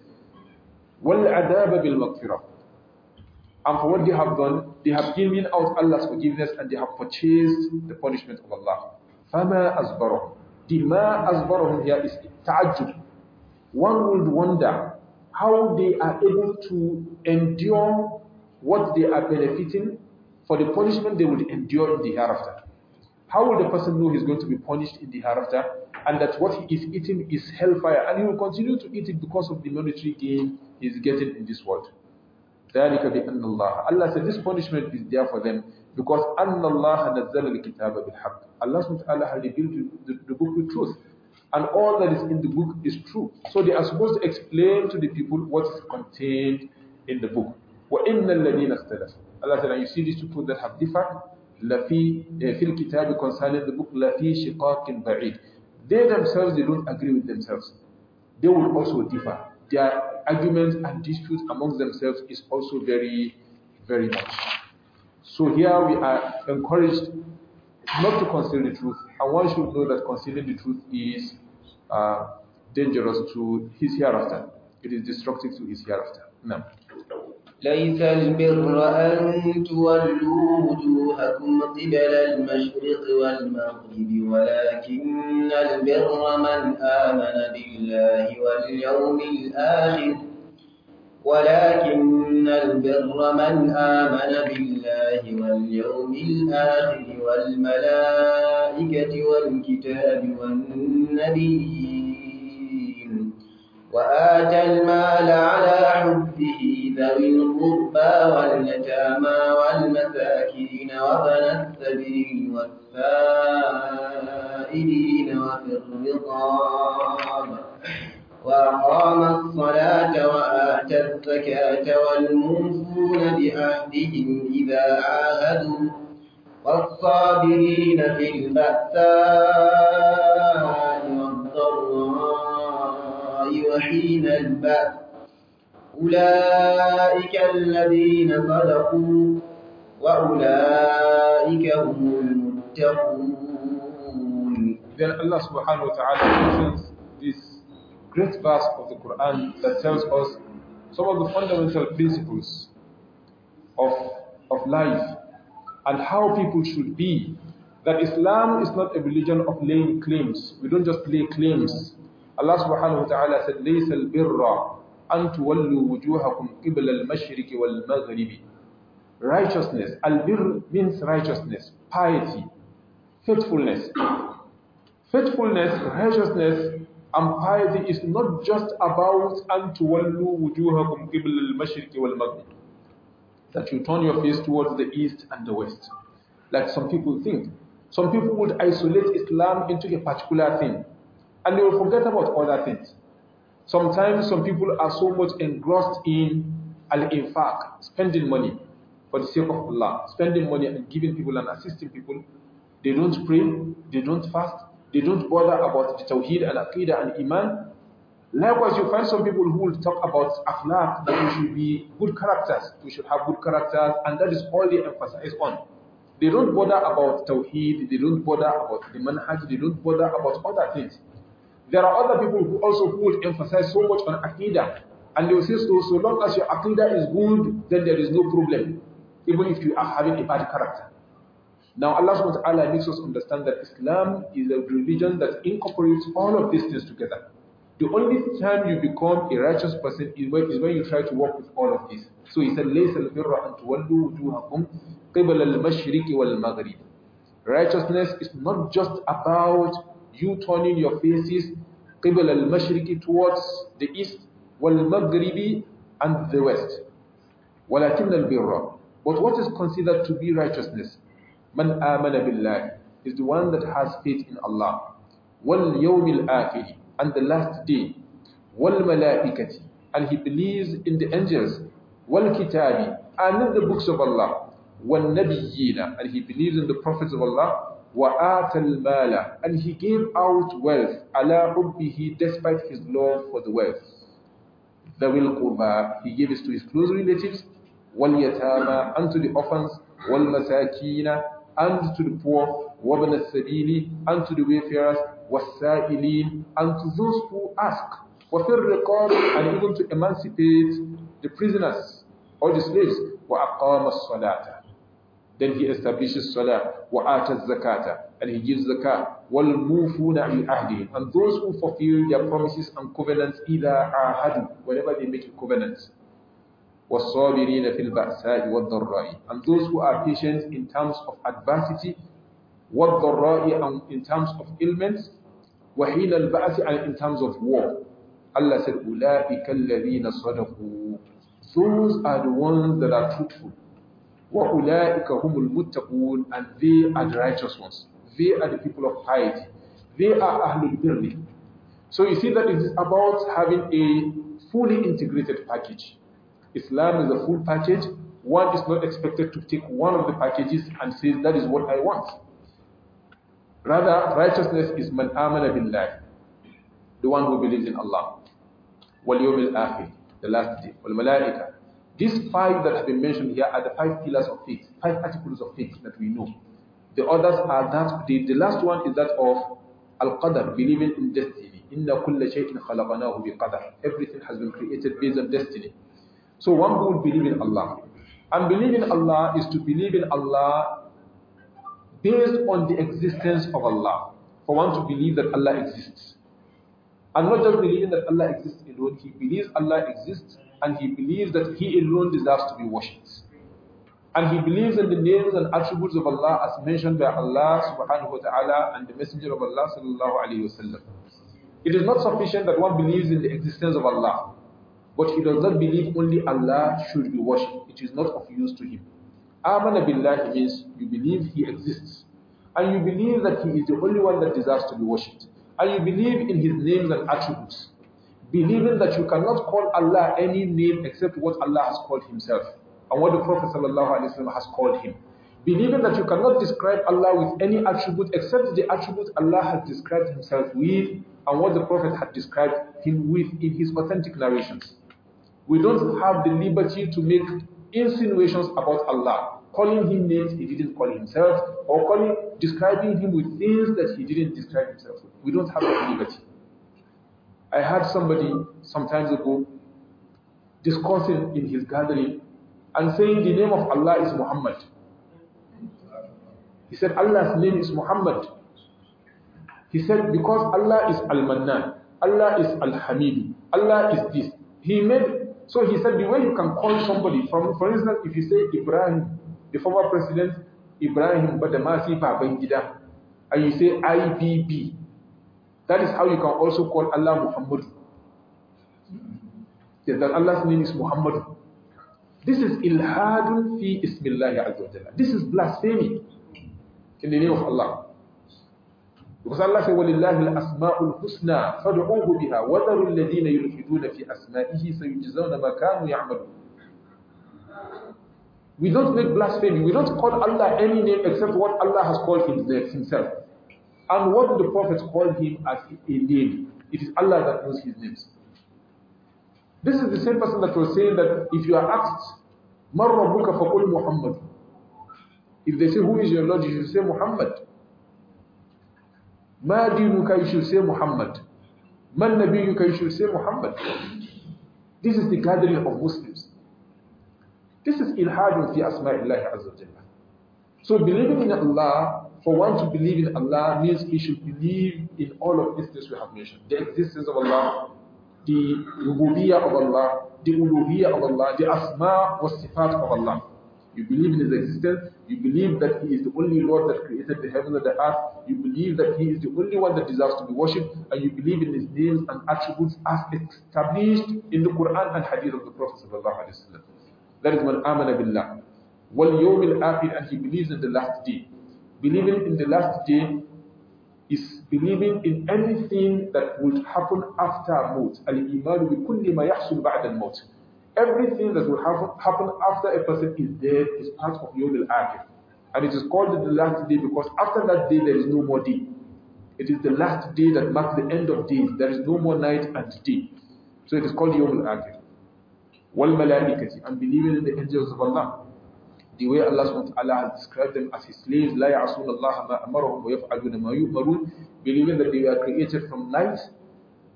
[SPEAKER 1] وَالْعَذَابَ بِالْمَغْفِرَةِ And for what they have done, they have given out Allah's forgiveness and they have purchased the punishment of Allah. فَمَا أَزْبَرَهُمْ The ma أَزْبَرَهُمْ here is ta'ajjub. One would wonder how they are able to endure what they are benefiting for the punishment they would endure in the hereafter. How will the person know he's going to be punished in the hereafter and that what he is eating is hellfire and he will continue to eat it because of the monetary gain is getting in this world. ذَلِكَ بِأَنَّ اللَّهَ Allah said this punishment is there for them because أَنَّ اللَّهَ نَزَّلَ الْكِتَابَ بِالْحَقِّ Allah subhanahu has revealed the, the book with truth and all that is in the book is true. So they are supposed to explain to the people what is contained in the book. وَإِنَّ الَّذِينَ اخْتَلَفُوا Allah said, and you see these two people that have differed, لَفِي eh, فِي الْكِتَابِ concerning the book, لَفِي شِقَاقٍ بَعِيدٍ They themselves, they don't agree with themselves. They will also differ. their arguments and disputes among themselves is also very, very much. So here we are encouraged not to conceal the truth, and one should know that concealing the truth is uh, dangerous to his hereafter. It is destructive to his hereafter.
[SPEAKER 2] ليس البر أن تولوا وجوهكم قبل المشرق والمغرب ولكن البر من آمن بالله واليوم الآخر ولكن البر من آمن بالله واليوم الآخر والملائكة والكتاب والنبيين وآتى المال على ذوي القربى واليتامى والمساكين وابن السبيل والسائلين وفي الرقاب وأقام الصلاة وآتى الزكاة والموفون بعهدهم إذا عاهدوا والصابرين في البأساء أولئك الذين صدقوا
[SPEAKER 1] وأولئك هم المتقون Then Allah subhanahu wa ta'ala mentions this great verse of the Quran that tells us some of the fundamental principles of, of life and how people should be. That Islam is not a religion of laying claims. We don't just lay claims. Allah subhanahu wa ta'ala said, لَيْسَ الْبِرَّ an al-mashriq righteousness albir means righteousness piety faithfulness faithfulness righteousness and piety is not just about an wujuhakum qibla al-mashriq wal that you turn your face towards the east and the west like some people think some people would isolate Islam into a particular thing and they will forget about other things Sometimes some people are so much engrossed in al-infaq, spending money for the sake of Allah, spending money and giving people and assisting people. They don't pray, they don't fast, they don't bother about the tawheed and aqidah and iman. Likewise, you find some people who will talk about akhlaq, that we should be good characters, we should have good characters, and that is all they emphasize on. They don't bother about tawheed, they don't bother about the manhaj, they don't bother about other things. There are other people who also would emphasize so much on Aqidah. And they will say, so, so long as your Aqidah is good, then there is no problem, even if you are having a bad character. Now, Allah subhanahu wa ta'ala makes us understand that Islam is a religion that incorporates all of these things together. The only time you become a righteous person is when, is when you try to work with all of these. So he said, لَيْسَ الْبِرَّ أَن تُوَلُّوا وُجُوهَكُمْ قِبَلَ الْمَشْرِكِ وَالْمَغْرِبِ Righteousness is not just about you turning your faces qibla al-mashriqi towards the east wal-maghribi and the west walakin al-birra but what is considered to be righteousness man amana billah is the one that has faith in Allah wal-yawmil akhir and the last day wal-malaikati and he believes in the angels wal-kitabi and in the books of Allah wal-nabiyina and he believes in the prophets of Allah وَآتَ mala And he gave out wealth, ala حُبِّهِ Despite his love for the wealth. will الْقُرْبَى He gave it to his close relatives, wal-yatama, And to the orphans, وَالْمَسَاكِينَ And to the poor, وَابْنَ السَّبِيلِ And to the wayfarers, wasailin, And to those who ask. وَفِي الرِّقَابِ And even to emancipate the prisoners or the slaves, وَأَقَامَ salata then he establishes salah, wa atas zakata, and he gives zakah, wal mufuna bi ahdihim. And those who fulfill their promises and covenants, either ahadu, whenever they make a covenant, والصابرين في البأساء والضراء and those who are patient in terms of adversity والضراء and in terms of ailments وحين البأس and in terms of war Allah said أولئك الذين صدقوا those are the ones that are truthful وَأُولَٰئِكَ هُمُ الْمُتَّقُونَ And they are the righteous ones. They are the people of piety. They are Ahlul Birri. So you see that it is about having a fully integrated package. Islam is a full package. One is not expected to take one of the packages and say, that is what I want. Rather, righteousness is man amana billah, the one who believes in Allah. Wal yawmil the last day. Wal malaika, these five that have been mentioned here are the five pillars of faith, five articles of faith that we know. The others are that, the, the last one is that of Al-Qadr, believing in destiny. إِنَّ كُلَّ شَيْءٍ خَلَقَنَاهُ بِقَدَرٍ Everything has been created based on destiny. So one who would believe in Allah. And believing Allah is to believe in Allah based on the existence of Allah. For one to believe that Allah exists. And not just believing that Allah exists alone, he believes Allah exists and he believes that he alone deserves to be worshipped. And he believes in the names and attributes of Allah as mentioned by Allah subhanahu wa ta'ala and the Messenger of Allah sallallahu alayhi wasallam. It is not sufficient that one believes in the existence of Allah, but he does not believe only Allah should be worshipped. It is not of use to him. Amana billahi means you believe he exists, and you believe that he is the only one that deserves to be worshipped, and you believe in his names and attributes, believing that you cannot call Allah any name except what Allah has called himself and what the Prophet has called him. Believing that you cannot describe Allah with any attribute except the attribute Allah has described himself with and what the Prophet had described him with in his authentic narrations. We don't have the liberty to make insinuations about Allah, calling him names he didn't call himself, or calling, describing him with things that he didn't describe himself with. We don't have that liberty. I heard somebody some time ago discussing in his gathering and saying the name of Allah is Muhammad. He said Allah's name is Muhammad. He said because Allah is Al-Mannan, Allah is Al-Hamid, Allah is this. He made, so he said the way you can call somebody, from, for instance, if you say Ibrahim, the former president Ibrahim Badamasi Babangida, and you say IBB, that is how you can also call Allah Muhammad. Yes, that Allah's name is Muhammad. This is ilhadun fi ismillahi azza This is blasphemy in the name of Allah. Because Allah said, وَلِلَّهِ الْأَسْمَاءُ الْحُسْنَى فَادْعُوهُ بِهَا وَذَرُوا الَّذِينَ يُلْحِدُونَ فِي أَسْمَائِهِ سَيُجْزَوْنَ مَا كَانُوا يَعْمَلُونَ We don't make blasphemy. We don't call Allah any name except what Allah has called himself and what the Prophet called him as a name. It is Allah that knows his names. This is the same person that was saying that if you are asked, مَا رَبُّكَ فَقُلْ Muhammad. If they say, who is your Lord? You should say Muhammad. مَا دِينُكَ You should say Muhammad. مَا نَبِيُّكَ You should say Muhammad. This is the gathering of Muslims. This is ilhadun fi asma'illahi azza wa So believing in Allah for one to believe in Allah means he should believe in all of these things we have mentioned. The existence of Allah, the rububiyyah of Allah, the uluhiyyah of Allah, the asma wa sifat of Allah. You believe in His existence, you believe that He is the only Lord that created the heavens and the earth, you believe that He is the only one that deserves to be worshipped, and you believe in His names and attributes as established in the Quran and Hadith of the Prophet. That is when Amana Billah. Well, Yawmil Akhir, and he believes in the last day. Believing in the last day is believing in anything that would happen after maut. Al-iman bi kulli ma yahsul ba'da al Everything that will happen after a person is dead is part of Yawm al-Akhir. And it is called the last day because after that day there is no more day. It is the last day that marks the end of days. There is no more night and day. So it is called Yawm al-Akhir. Wal-malaikati. And believing in the angels of Allah the way Allah subhanahu has described them as his slaves, لا يعصون الله ما أمرهم ويفعلون ما يؤمرون, believing that they were created from light,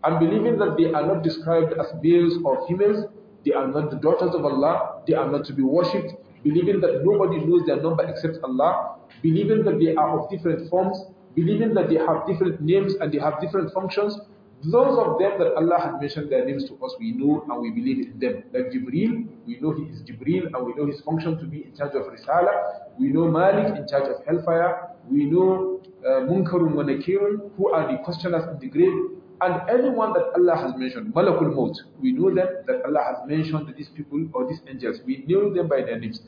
[SPEAKER 1] and believing that they are not described as males or females, they are not the daughters of Allah, they are not to be worshipped, believing that nobody knows their number except Allah, believing that they are of different forms, believing that they have different names and they have different functions, those of them that Allah has mentioned their names to us, we know and we believe in them. Like Jibril, we know he is Jibril and we know his function to be in charge of Risala. We know Malik in charge of Hellfire. We know uh, Munkarun wa Nakirun, who are the questioners in the grave. And anyone that Allah has mentioned, Malakul Maut, we know them that Allah has mentioned these people or these angels. We know them by their names.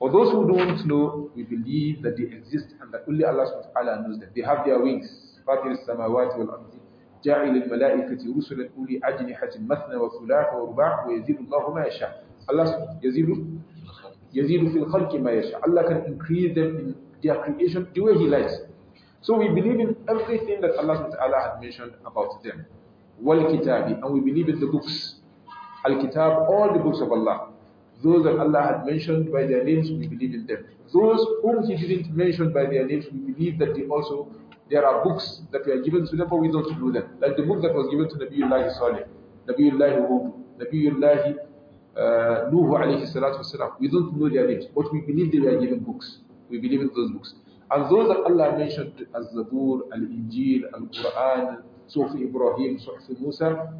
[SPEAKER 1] For those who don't know, we believe that they exist and that only Allah subhanahu wa ta'ala knows them. They have their wings. فاطر السماوات والأرض جاعل الملائكة رسلا أولي أجنحة مثنى وثلاث ورباع ويزيد الله ما يشاء Allah يزيد يزيد في الخلق ما يشاء الله can increase them in their creation the way He likes so we believe in everything that Allah Taala had mentioned about them والكتاب and we believe in the books الكتاب all the books of Allah those that Allah had mentioned by their names we believe in them those whom He didn't mention by their names we believe that they also There are books that were given to therefore we don't do them. Like the book that was given to Nabiullah Salih, Nabiullah Hud, Nabiullah uh, Nuhu alayhi salatu wasalam. We don't know their names, but we believe they were given books. We believe in those books. And those that Allah mentioned as Zabur, Al Injil, Al Quran, Sufi Ibrahim, Sufi Musa,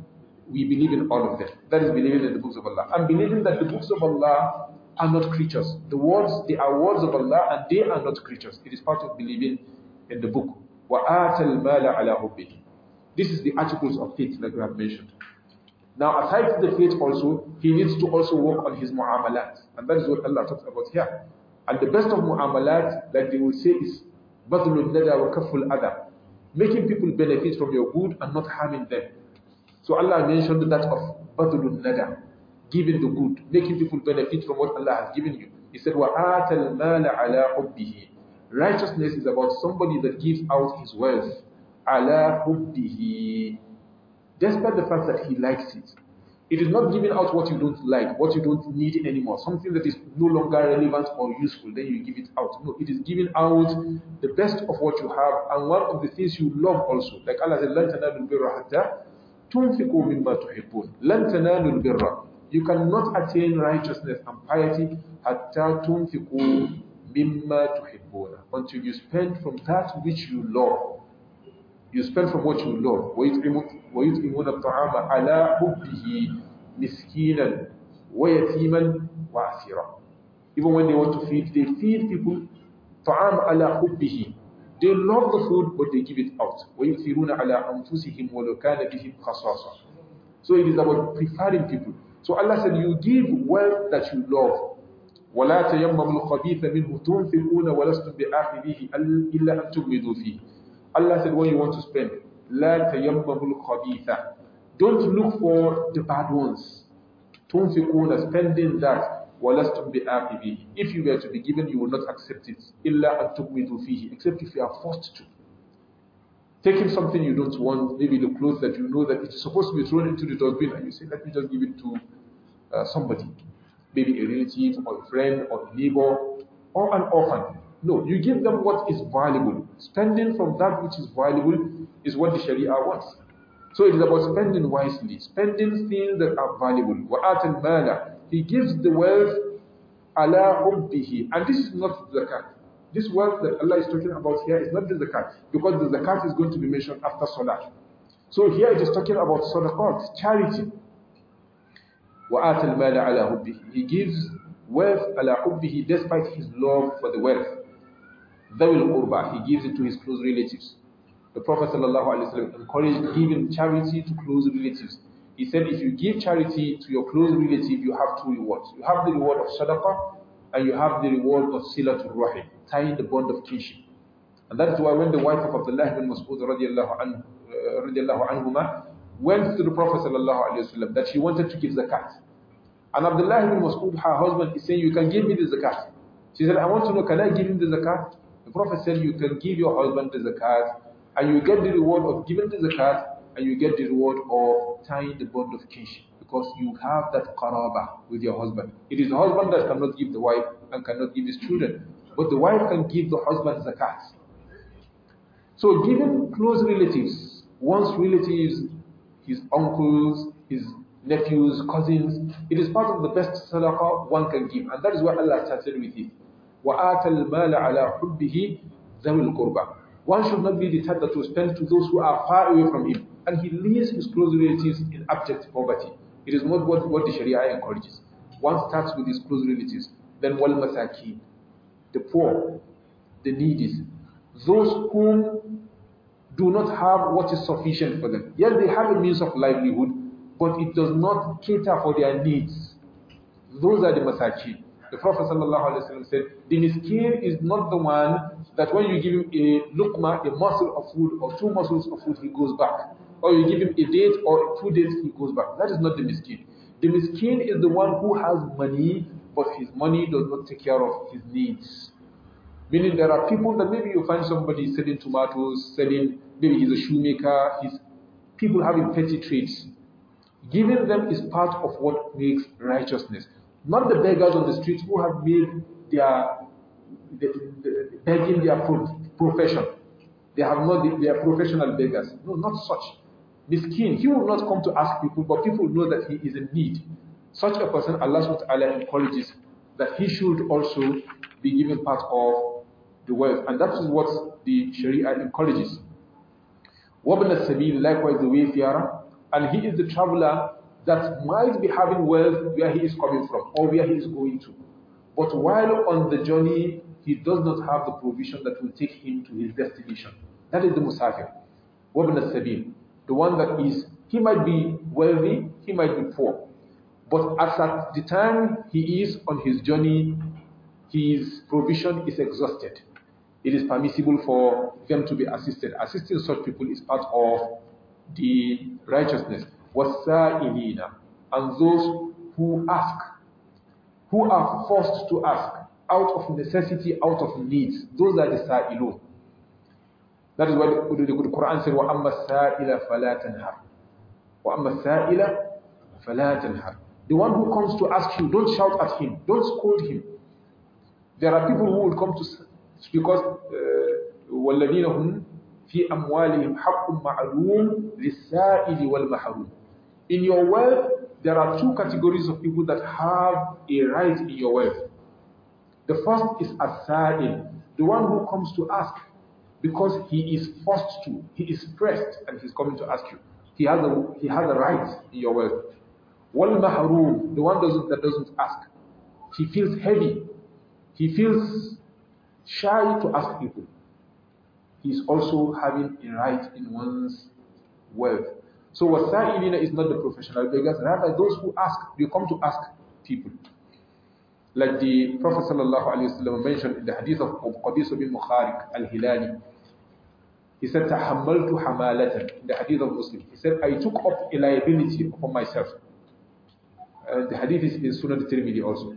[SPEAKER 1] we believe in all of them. That is believing in the books of Allah. And believing that the books of Allah are not creatures. The words, they are words of Allah and they are not creatures. It is part of believing in the book this is the articles of faith that we have mentioned. Now, aside from the faith also, he needs to also work on his mu'amalat. And that is what Allah talks about here. And the best of mu'amalat, like they will say, is بَذْلُ النَّدَى kaful الْأَذَى Making people benefit from your good and not harming them. So Allah mentioned that of بَذْلُ النَّدَى Giving the good, making people benefit from what Allah has given you. He said, وَآتَ الْمَالَ عَلَى حُبِّهِ Righteousness is about somebody that gives out his wealth. Ala hubbihi. Despite the fact that he likes it. It is not giving out what you don't like, what you don't need anymore, something that is no longer relevant or useful, then you give it out. No, it is giving out the best of what you have and one of the things you love also. Like Allah said, لَن will الْبِرَّ حَتَّى تُنْفِقُوا مِمَّا تُحِبُّونَ لَن الْبِرَّ You cannot attain righteousness and piety حَتَّى تُنْفِقُوا mimma tuhibbuna. Until you spend from that which you love. You spend from what you love. Wa wa ala hubbihi miskinan wa مِسْكِينًا wa وَعَسِيرًا Even when they want to feed, they feed people ta'am ala hubbihi. They love the food, but they give it out. Wa وَيُؤْثِرُونَ عَلَىٰ أَنفُسِهِمْ وَلَوْ kana بِهِمْ خَصَاصًا So it is about preferring people. So Allah said, you give wealth that you love. ولا تيمموا الخبيث منه تنفقون ولستم بآخذيه إلا أن تغمضوا فيه Allah said, what you want to spend? لا تيمموا الخبيث Don't look for the bad ones. تنفقون spending that ولستم بآخذيه If you were to be given, you will not accept it. إلا أن تغمضوا Except if you are forced to. Taking something you don't want, maybe the clothes that you know that it's supposed to be thrown into the dustbin, and you say, let me just give it to uh, somebody maybe a relative or a friend or a neighbor or an orphan. No, you give them what is valuable. Spending from that which is valuable is what the Sharia wants. So it is about spending wisely, spending things that are valuable. al الْمَالَ He gives the wealth عَلَىٰ حُبِّهِ And this is not zakat. This wealth that Allah is talking about here is not the zakat, because the zakat is going to be mentioned after salah. So here it is talking about sadaqat, charity. وَآتَ الْمَالَ عَلَى حُبِّهِ He gives wealth عَلى حُبِّهِ despite his love for the wealth. ذَوِي الْقُرْبَى He gives it to his close relatives. The Prophet ﷺ encouraged giving charity to close relatives. He said, if you give charity to your close relative, you have two rewards. You have the reward of sadaqah, and you have the reward of silatul rahim, tying the bond of kinship. And that is why when the wife of Abdullah ibn Mas'ud radiallahu anhu, uh, radiallahu went to the Prophet وسلم, that she wanted to give zakat. And Abdullah ibn Mas'ud, her husband, is saying, you can give me the zakat. She said, I want to know, can I give him the zakat? The Prophet said, you can give your husband the zakat, and you get the reward of giving the zakat, and you get the reward of tying the bond of kinship, because you have that qaraba with your husband. It is the husband that cannot give the wife and cannot give his children, but the wife can give the husband zakat. So giving close relatives, one's relatives his uncles, his nephews, cousins. It is part of the best sadaqah one can give. And that is what Allah started with it. وَآتَ الْمَالَ عَلَىٰ حُبِّهِ ذَوِ الْقُرْبَةِ One should not be the type that will spend to those who are far away from him. And he leaves his close relatives in abject poverty. It is not what, what the Sharia encourages. One starts with his close relatives. Then wal masakeen, the poor, the needy, those whom do not have what is sufficient for them. Yes, they have a means of livelihood, but it does not cater for their needs. Those are the masakin. The Prophet said, the miskin is not the one that when you give him a lukma, a morsel of food, or two morsels of food, he goes back. Or you give him a date or two dates, he goes back. That is not the miskin. The miskin is the one who has money, but his money does not take care of his needs. Meaning there are people that maybe you find somebody selling tomatoes, selling, maybe he's a shoemaker, he's, people having petty trades. Giving them is part of what makes righteousness. Not the beggars on the street who have made their, begging their profession. They have not, they are professional beggars. No, not such. Miskin, he will not come to ask people, but people know that he is in need. Such a person, Allah subhanahu wa ta'ala encourages that he should also be given part of the wealth. And that is what the Sharia encourages. Wabna Sabil, likewise the wayfarer, and he is the traveler that might be having wealth where he is coming from or where he is going to. But while on the journey, he does not have the provision that will take him to his destination. That is the Musafir, Wabna Sabil, the one that is, he might be wealthy, he might be poor. But as at the time he is on his journey, his provision is exhausted it is permissible for them to be assisted. Assisting such people is part of the righteousness. وَالسَّائِلِينَ And those who ask, who are forced to ask, out of necessity, out of need. Those are the sa'ilun. That is why the, Quran said, وَأَمَّا السَّائِلَ فَلَا تَنْهَرْ وَأَمَّا السَّائِلَ فَلَا تَنْهَرْ The one who comes to ask you, don't shout at him, don't scold him. There are people who will come to it's because uh, وَالَّذِينَ هُمْ فِي أَمْوَالِهِمْ حَقٌّ مَعْلُومٌ لِلسَّائِلِ وَالْمَحْرُومِ In your wealth, there are two categories of people that have a right in your wealth. The first is a sail the one who comes to ask because he is forced to, he is pressed and he's coming to ask you. He has a, he has a right in your wealth. Wal mahroom, the one doesn't, that doesn't ask. He feels heavy. He feels shy to ask people. He's also having a right in one's wealth. So wasa'ilina is not the professional beggars, rather those who ask, they come to ask people. Like the Prophet ﷺ mentioned in the hadith of Qadis bin Mukharik al-Hilali. He said, تَحَمَّلْتُ حَمَالَةً In the hadith of Muslim. He said, I took up a liability upon myself. And the hadith is in Sunan Tirmidhi also.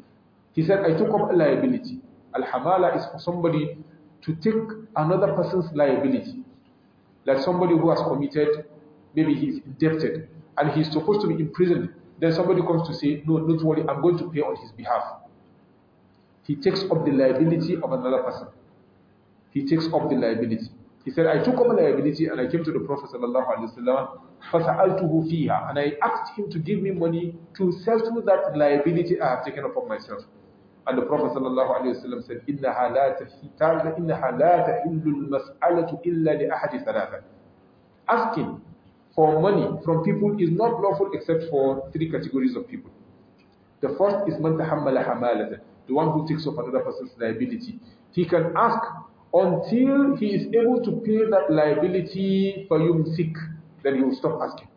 [SPEAKER 1] He said, I took up a liability. Al-hamala is for somebody to take another person's liability. Like somebody who has committed, maybe he's indebted and he's supposed to be imprisoned. Then somebody comes to say, No, don't worry, I'm going to pay on his behalf. He takes up the liability of another person. He takes up the liability. He said, I took up a liability and I came to the Prophet فَسَأَلْتُهُ فِيهَا And I asked him to give me money to settle that liability I have taken upon myself. And the Prophet ﷺ said, إِنَّهَا لَا تَحِلُّ الْمَسْأَلَةُ إِلَّا لِأَحَدِ ثَلَاثًا Asking for money from people is not lawful except for three categories of people. The first is مَنْ تَحَمَّلَ حَمَالَةً The one who takes up another person's liability. He can ask until he is able to pay that liability for sick, then he will stop asking.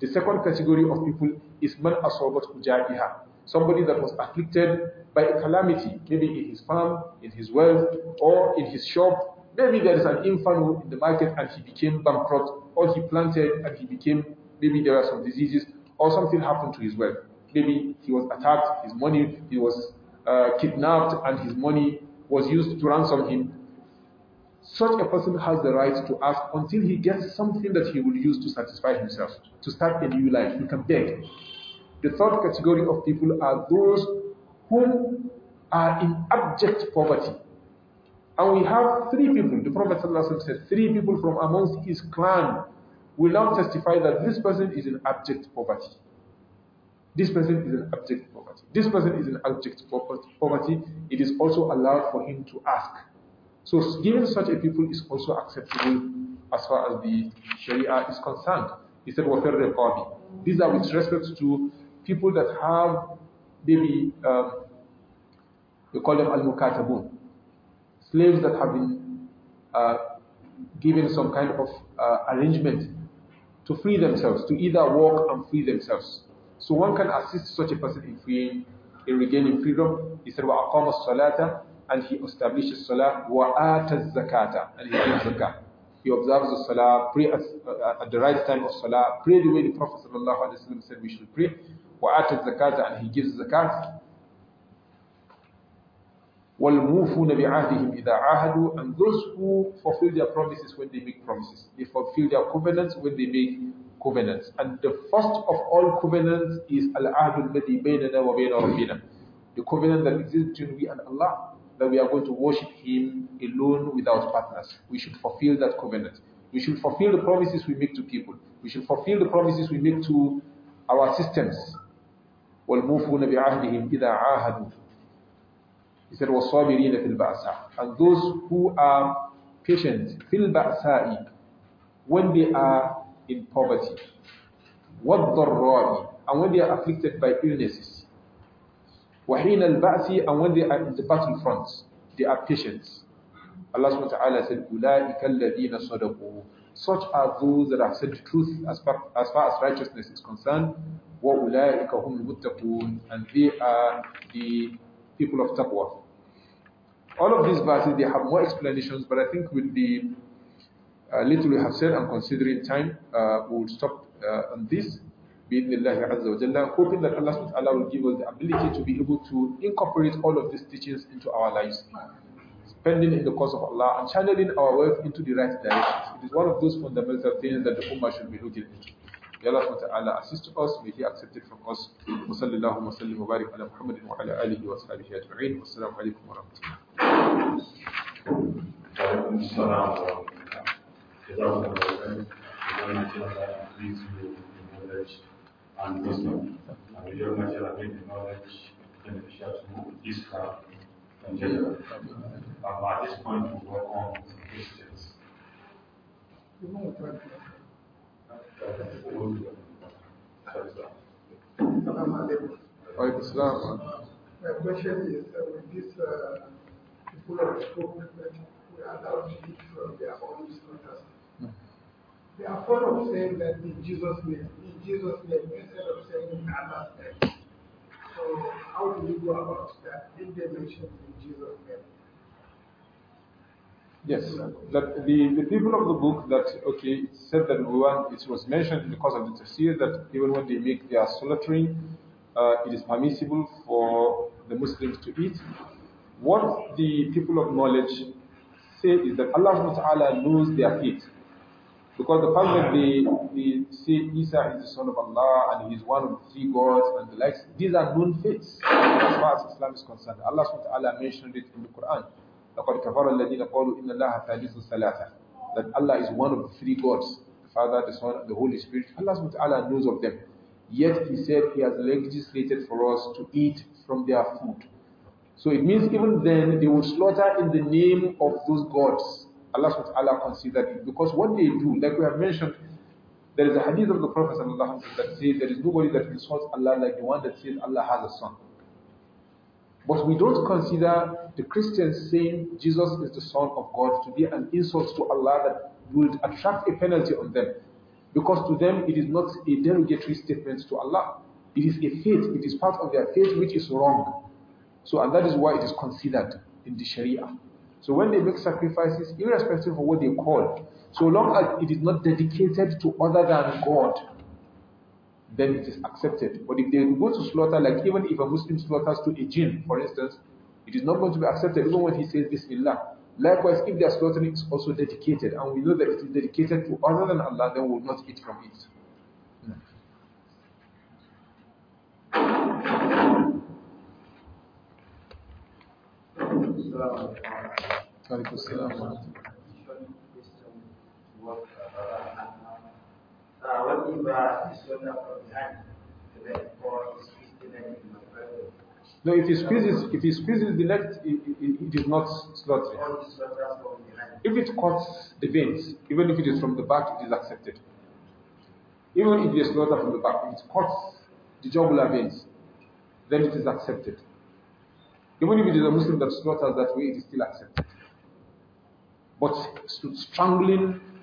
[SPEAKER 1] The second category of people is man asobat ujaiha, somebody that was afflicted by a calamity, maybe in his farm, in his wealth, or in his shop. Maybe there is an infant in the market and he became bankrupt, or he planted and he became, maybe there are some diseases, or something happened to his wealth. Maybe he was attacked, his money, he was uh, kidnapped, and his money was used to ransom him. Such a person has the right to ask until he gets something that he will use to satisfy himself, to start a new life. He can beg. The third category of people are those who are in abject poverty. And we have three people, the Prophet said, three people from amongst his clan will now testify that this person is in abject poverty. This person is in abject poverty. This person is in abject poverty. It is also allowed for him to ask. So giving such a people is also acceptable as far as the Sharia is concerned. He said, وَفِرْ These are with respect to people that have maybe, um, we call them al-mukatabun, slaves that have been uh, given some kind of uh, arrangement to free themselves, to either work and free themselves. So one can assist such a person in freeing, in regaining freedom. He said, وَأَقَامَ الصَّلَاةَ And he establishes salah, وَآتَ الزَّكَاةَ And he gives zakah. He observes the salah, pray at, uh, at, the right time of salah, pray the way the Prophet ﷺ said we should pray. وآتى الزكاة and he gives والموفون بعهدهم إذا عاهدوا and those who fulfill their promises when they make promises they fulfill their covenants when they make covenants and the first of all covenants is العهد الذي بيننا وبين ربنا the covenant that exists between we and Allah that we are going to worship Him alone without partners we should fulfill that covenant we should fulfill the promises we make to people we should fulfill the promises we make to our systems وَالْمُوفُونَ بِعَهْدِهِمْ إِذَا عَاهَدُوا He said, وَالصَّابِرِينَ فِي الْبَأْسَةِ And those who are patient, فِي الْبَأْسَاءِ When they are in poverty. وَالضَّرَّاءِ And when they are afflicted by illnesses. وَحِينَ الْبَأْسِ And when they are in the battlefront, they are patient. Allah subhanahu wa ta'ala said, أُولَٰئِكَ الَّذِينَ صَدَقُوا Such are those that have said the truth as far, as far as righteousness is concerned, وَأُولَٰئِكَ هُمُ الْمُتَّقُونَ And they are the people of taqwa.
[SPEAKER 2] All of these verses, they have more
[SPEAKER 1] explanations, but I think with the uh, little we have said and considering time, uh, we will stop uh, on this. Bismillah and I'm hoping that Allah subhanahu will give us the ability to be able to incorporate all of these teachings into our lives, spending in the cause of Allah and channeling our wealth into the right direction. It is one of those fundamental things that the Ummah should be looking into. Ya Allah assist us, may He accept it from us. Wa sallallahu wa sallim wa barik ala Muhammadin wa ala alihi wa sahbihi ajma'in. Wassalamu alaikum wa rahmatullah.
[SPEAKER 2] in general. this point, we my question is, uh, with these uh, people of spoke that we are allowed to eat from their own daughters, mm. they are fond of saying that in Jesus' name, in Jesus' name, instead of saying in Allah's name. So how do we go about that if they mention in Jesus' name?
[SPEAKER 1] Yes, that the, the people of the book that, okay, it said that we want, it was mentioned because of the tafsir that even when they make their solitary, uh, it is permissible for the Muslims to eat. What the people of knowledge say is that Allah Ta'ala knows their feet. Because the fact that they, they say Isa is the son of Allah and he is one of the three gods and the likes, these are known faiths as far as Islam is concerned. Allah subhanahu wa ta'ala mentioned it in the Quran. لَقَدْ كَفَرَ الَّذِينَ قَالُوا إِنَّ اللَّهَ ثَالِثُ ثَلَاثَةٍ That Allah is one of the three gods, the Father, the Son, and the Holy Spirit. Allah subhanahu wa ta'ala knows of them. Yet He said He has legislated for us to eat from their food. So it means even then they would slaughter in the name of those gods. Allah subhanahu wa ta'ala considered it. Because what they do, like we have mentioned, there is a hadith of the Prophet that says there is nobody that insults Allah like the one that says Allah has a son. But we don't consider the Christians saying Jesus is the Son of God to be an insult to Allah that would attract a penalty on them. Because to them it is not a derogatory statement to Allah. It is a faith, it is part of their faith which is wrong. So, and that is why it is considered in the Sharia. So, when they make sacrifices, irrespective of what they call, so long as it is not dedicated to other than God, then it is accepted. But if they go to slaughter, like even if a Muslim slaughters to a jinn, for instance, it is not going to be accepted even when he says Bismillah. Likewise, if their slaughtering is also dedicated, and we know that it is dedicated to other than Allah, then we will not eat from it.
[SPEAKER 2] Uh, what if uh, he from behind the leg or the leg in my brother?
[SPEAKER 1] No, if he squeezes, if he squeezes the leg, it, it, it is not slaughtering. If it cuts the veins, even if it is from the back, it is accepted. Even if it is slaughter from the back, if it cuts the jugular veins, then it is accepted. Even if it is a Muslim that slaughters that way, it is still accepted. But strangling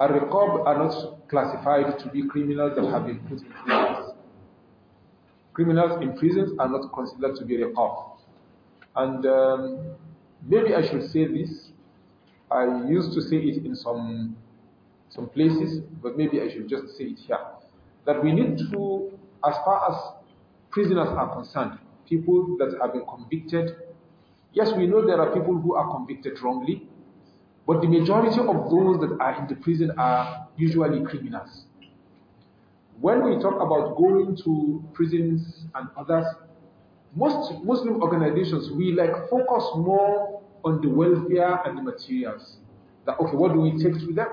[SPEAKER 1] Al-Riqab are not classified to be criminals that have been put in prisons. Criminals in prisons are not considered to be Riqab. And um, maybe I should say this. I used to say it in some, some places, but maybe I should just say it here. That we need to, as far as prisoners are concerned, people that have been convicted, yes, we know there are people who are convicted wrongly, but the majority of those that are in the prison are usually criminals. When we talk about going to prisons and others, most Muslim organizations, we like focus more on the welfare and the materials. That, okay, what do we take with them?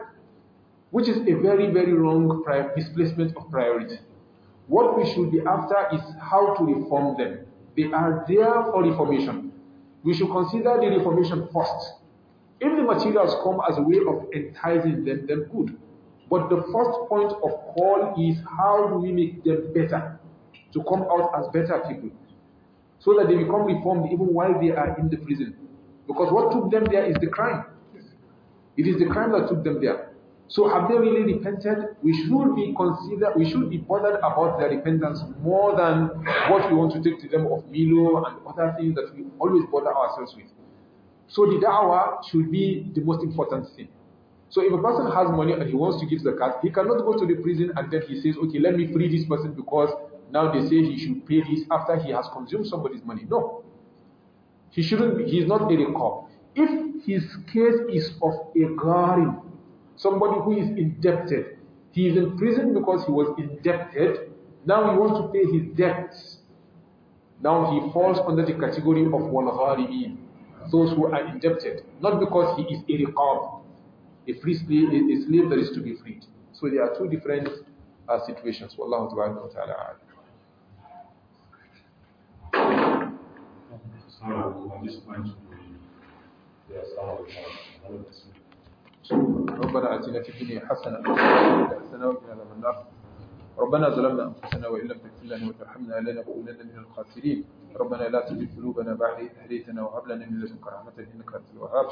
[SPEAKER 1] Which is a very, very wrong misplacement of priority. What we should be after is how to reform them. They are there for reformation. We should consider the reformation first if the materials come as a way of enticing them, then good. But the first point of call is how do we make them better, to come out as better people, so that they become reformed even while they are in the prison. Because what took them there is the crime. It is the crime that took them there. So have they really repented? We should be consider we should be bothered about their repentance more than what we want to take to them of Milo and other things that we always bother ourselves with. So the da'wah should be the most important thing. So if a person has money and he wants to give zakat, he cannot go to the prison and then he says, okay, let me free this person because now they say he should pay this after he has consumed somebody's money. No. He shouldn't be, he's not a recall. If his case is of a gharim, somebody who is indebted, he is in prison because he was indebted, now he wants to pay his debts. Now he falls under the category of one gharimin those who are indebted, not because he is a riqab, a free slave, a slave that is to be freed. So there are two different uh, situations. Wallahu ta'ala ربنا اتنا في الدنيا حسنه وفي الاخره حسنه وقنا عذاب النار ربنا ظلمنا أنفسنا وإن لم تغفر لنا وترحمنا لنكونن من الخاسرين ربنا لا تزغ قلوبنا بعد إذ هديتنا وهب لنا من لدنك رحمة إنك أنت الوهاب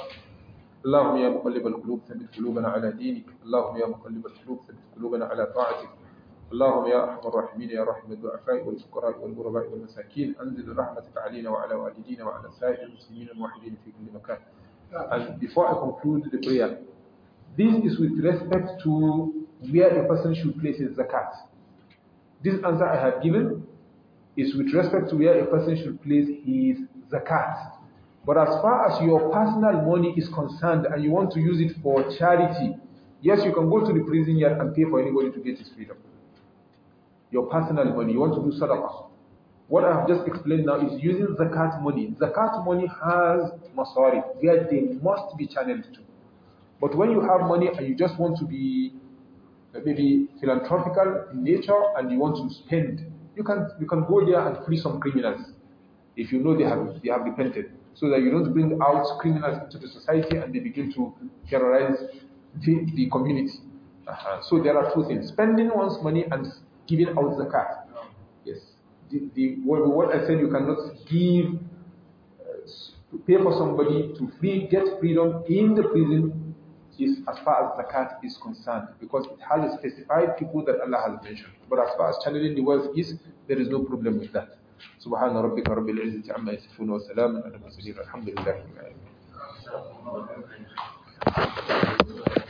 [SPEAKER 1] اللهم يا مقلب القلوب ثبت قلوبنا على دينك اللهم يا مقلب القلوب ثبت قلوبنا على طاعتك اللهم يا أرحم الراحمين يا رحم الضعفاء والفقراء والغرباء والمساكين أنزل رحمتك علينا وعلى والدينا وعلى سائر المسلمين الموحدين في كل مكان And before I conclude the prayer, this is with respect to where a person should place his zakat. This answer I have given is with respect to where a person should place his zakat. But as far as your personal money is concerned and you want to use it for charity, yes, you can go to the prison yard and pay for anybody to get his freedom. Your personal money, you want to do sadaqah. What I have just explained now is using zakat money. Zakat money has masari; where they must be channeled to. But when you have money and you just want to be maybe philanthropical in nature and you want to spend, you can you can go there and free some criminals if you know they have they have repented, so that you don't bring out criminals into the society and they begin to terrorize the, the community. Uh -huh. So there are two things: spending one's money and giving out zakat. Yes, the, the what, what I said you cannot give uh, pay for somebody to free get freedom in the prison is as far as zakat is concerned because it has specified people that Allah has mentioned. But as far as channeling the wealth is, there is no problem with that. سبحان ربك رب العزة عما يصفون وسلام على المرسلين الحمد لله رب العالمين.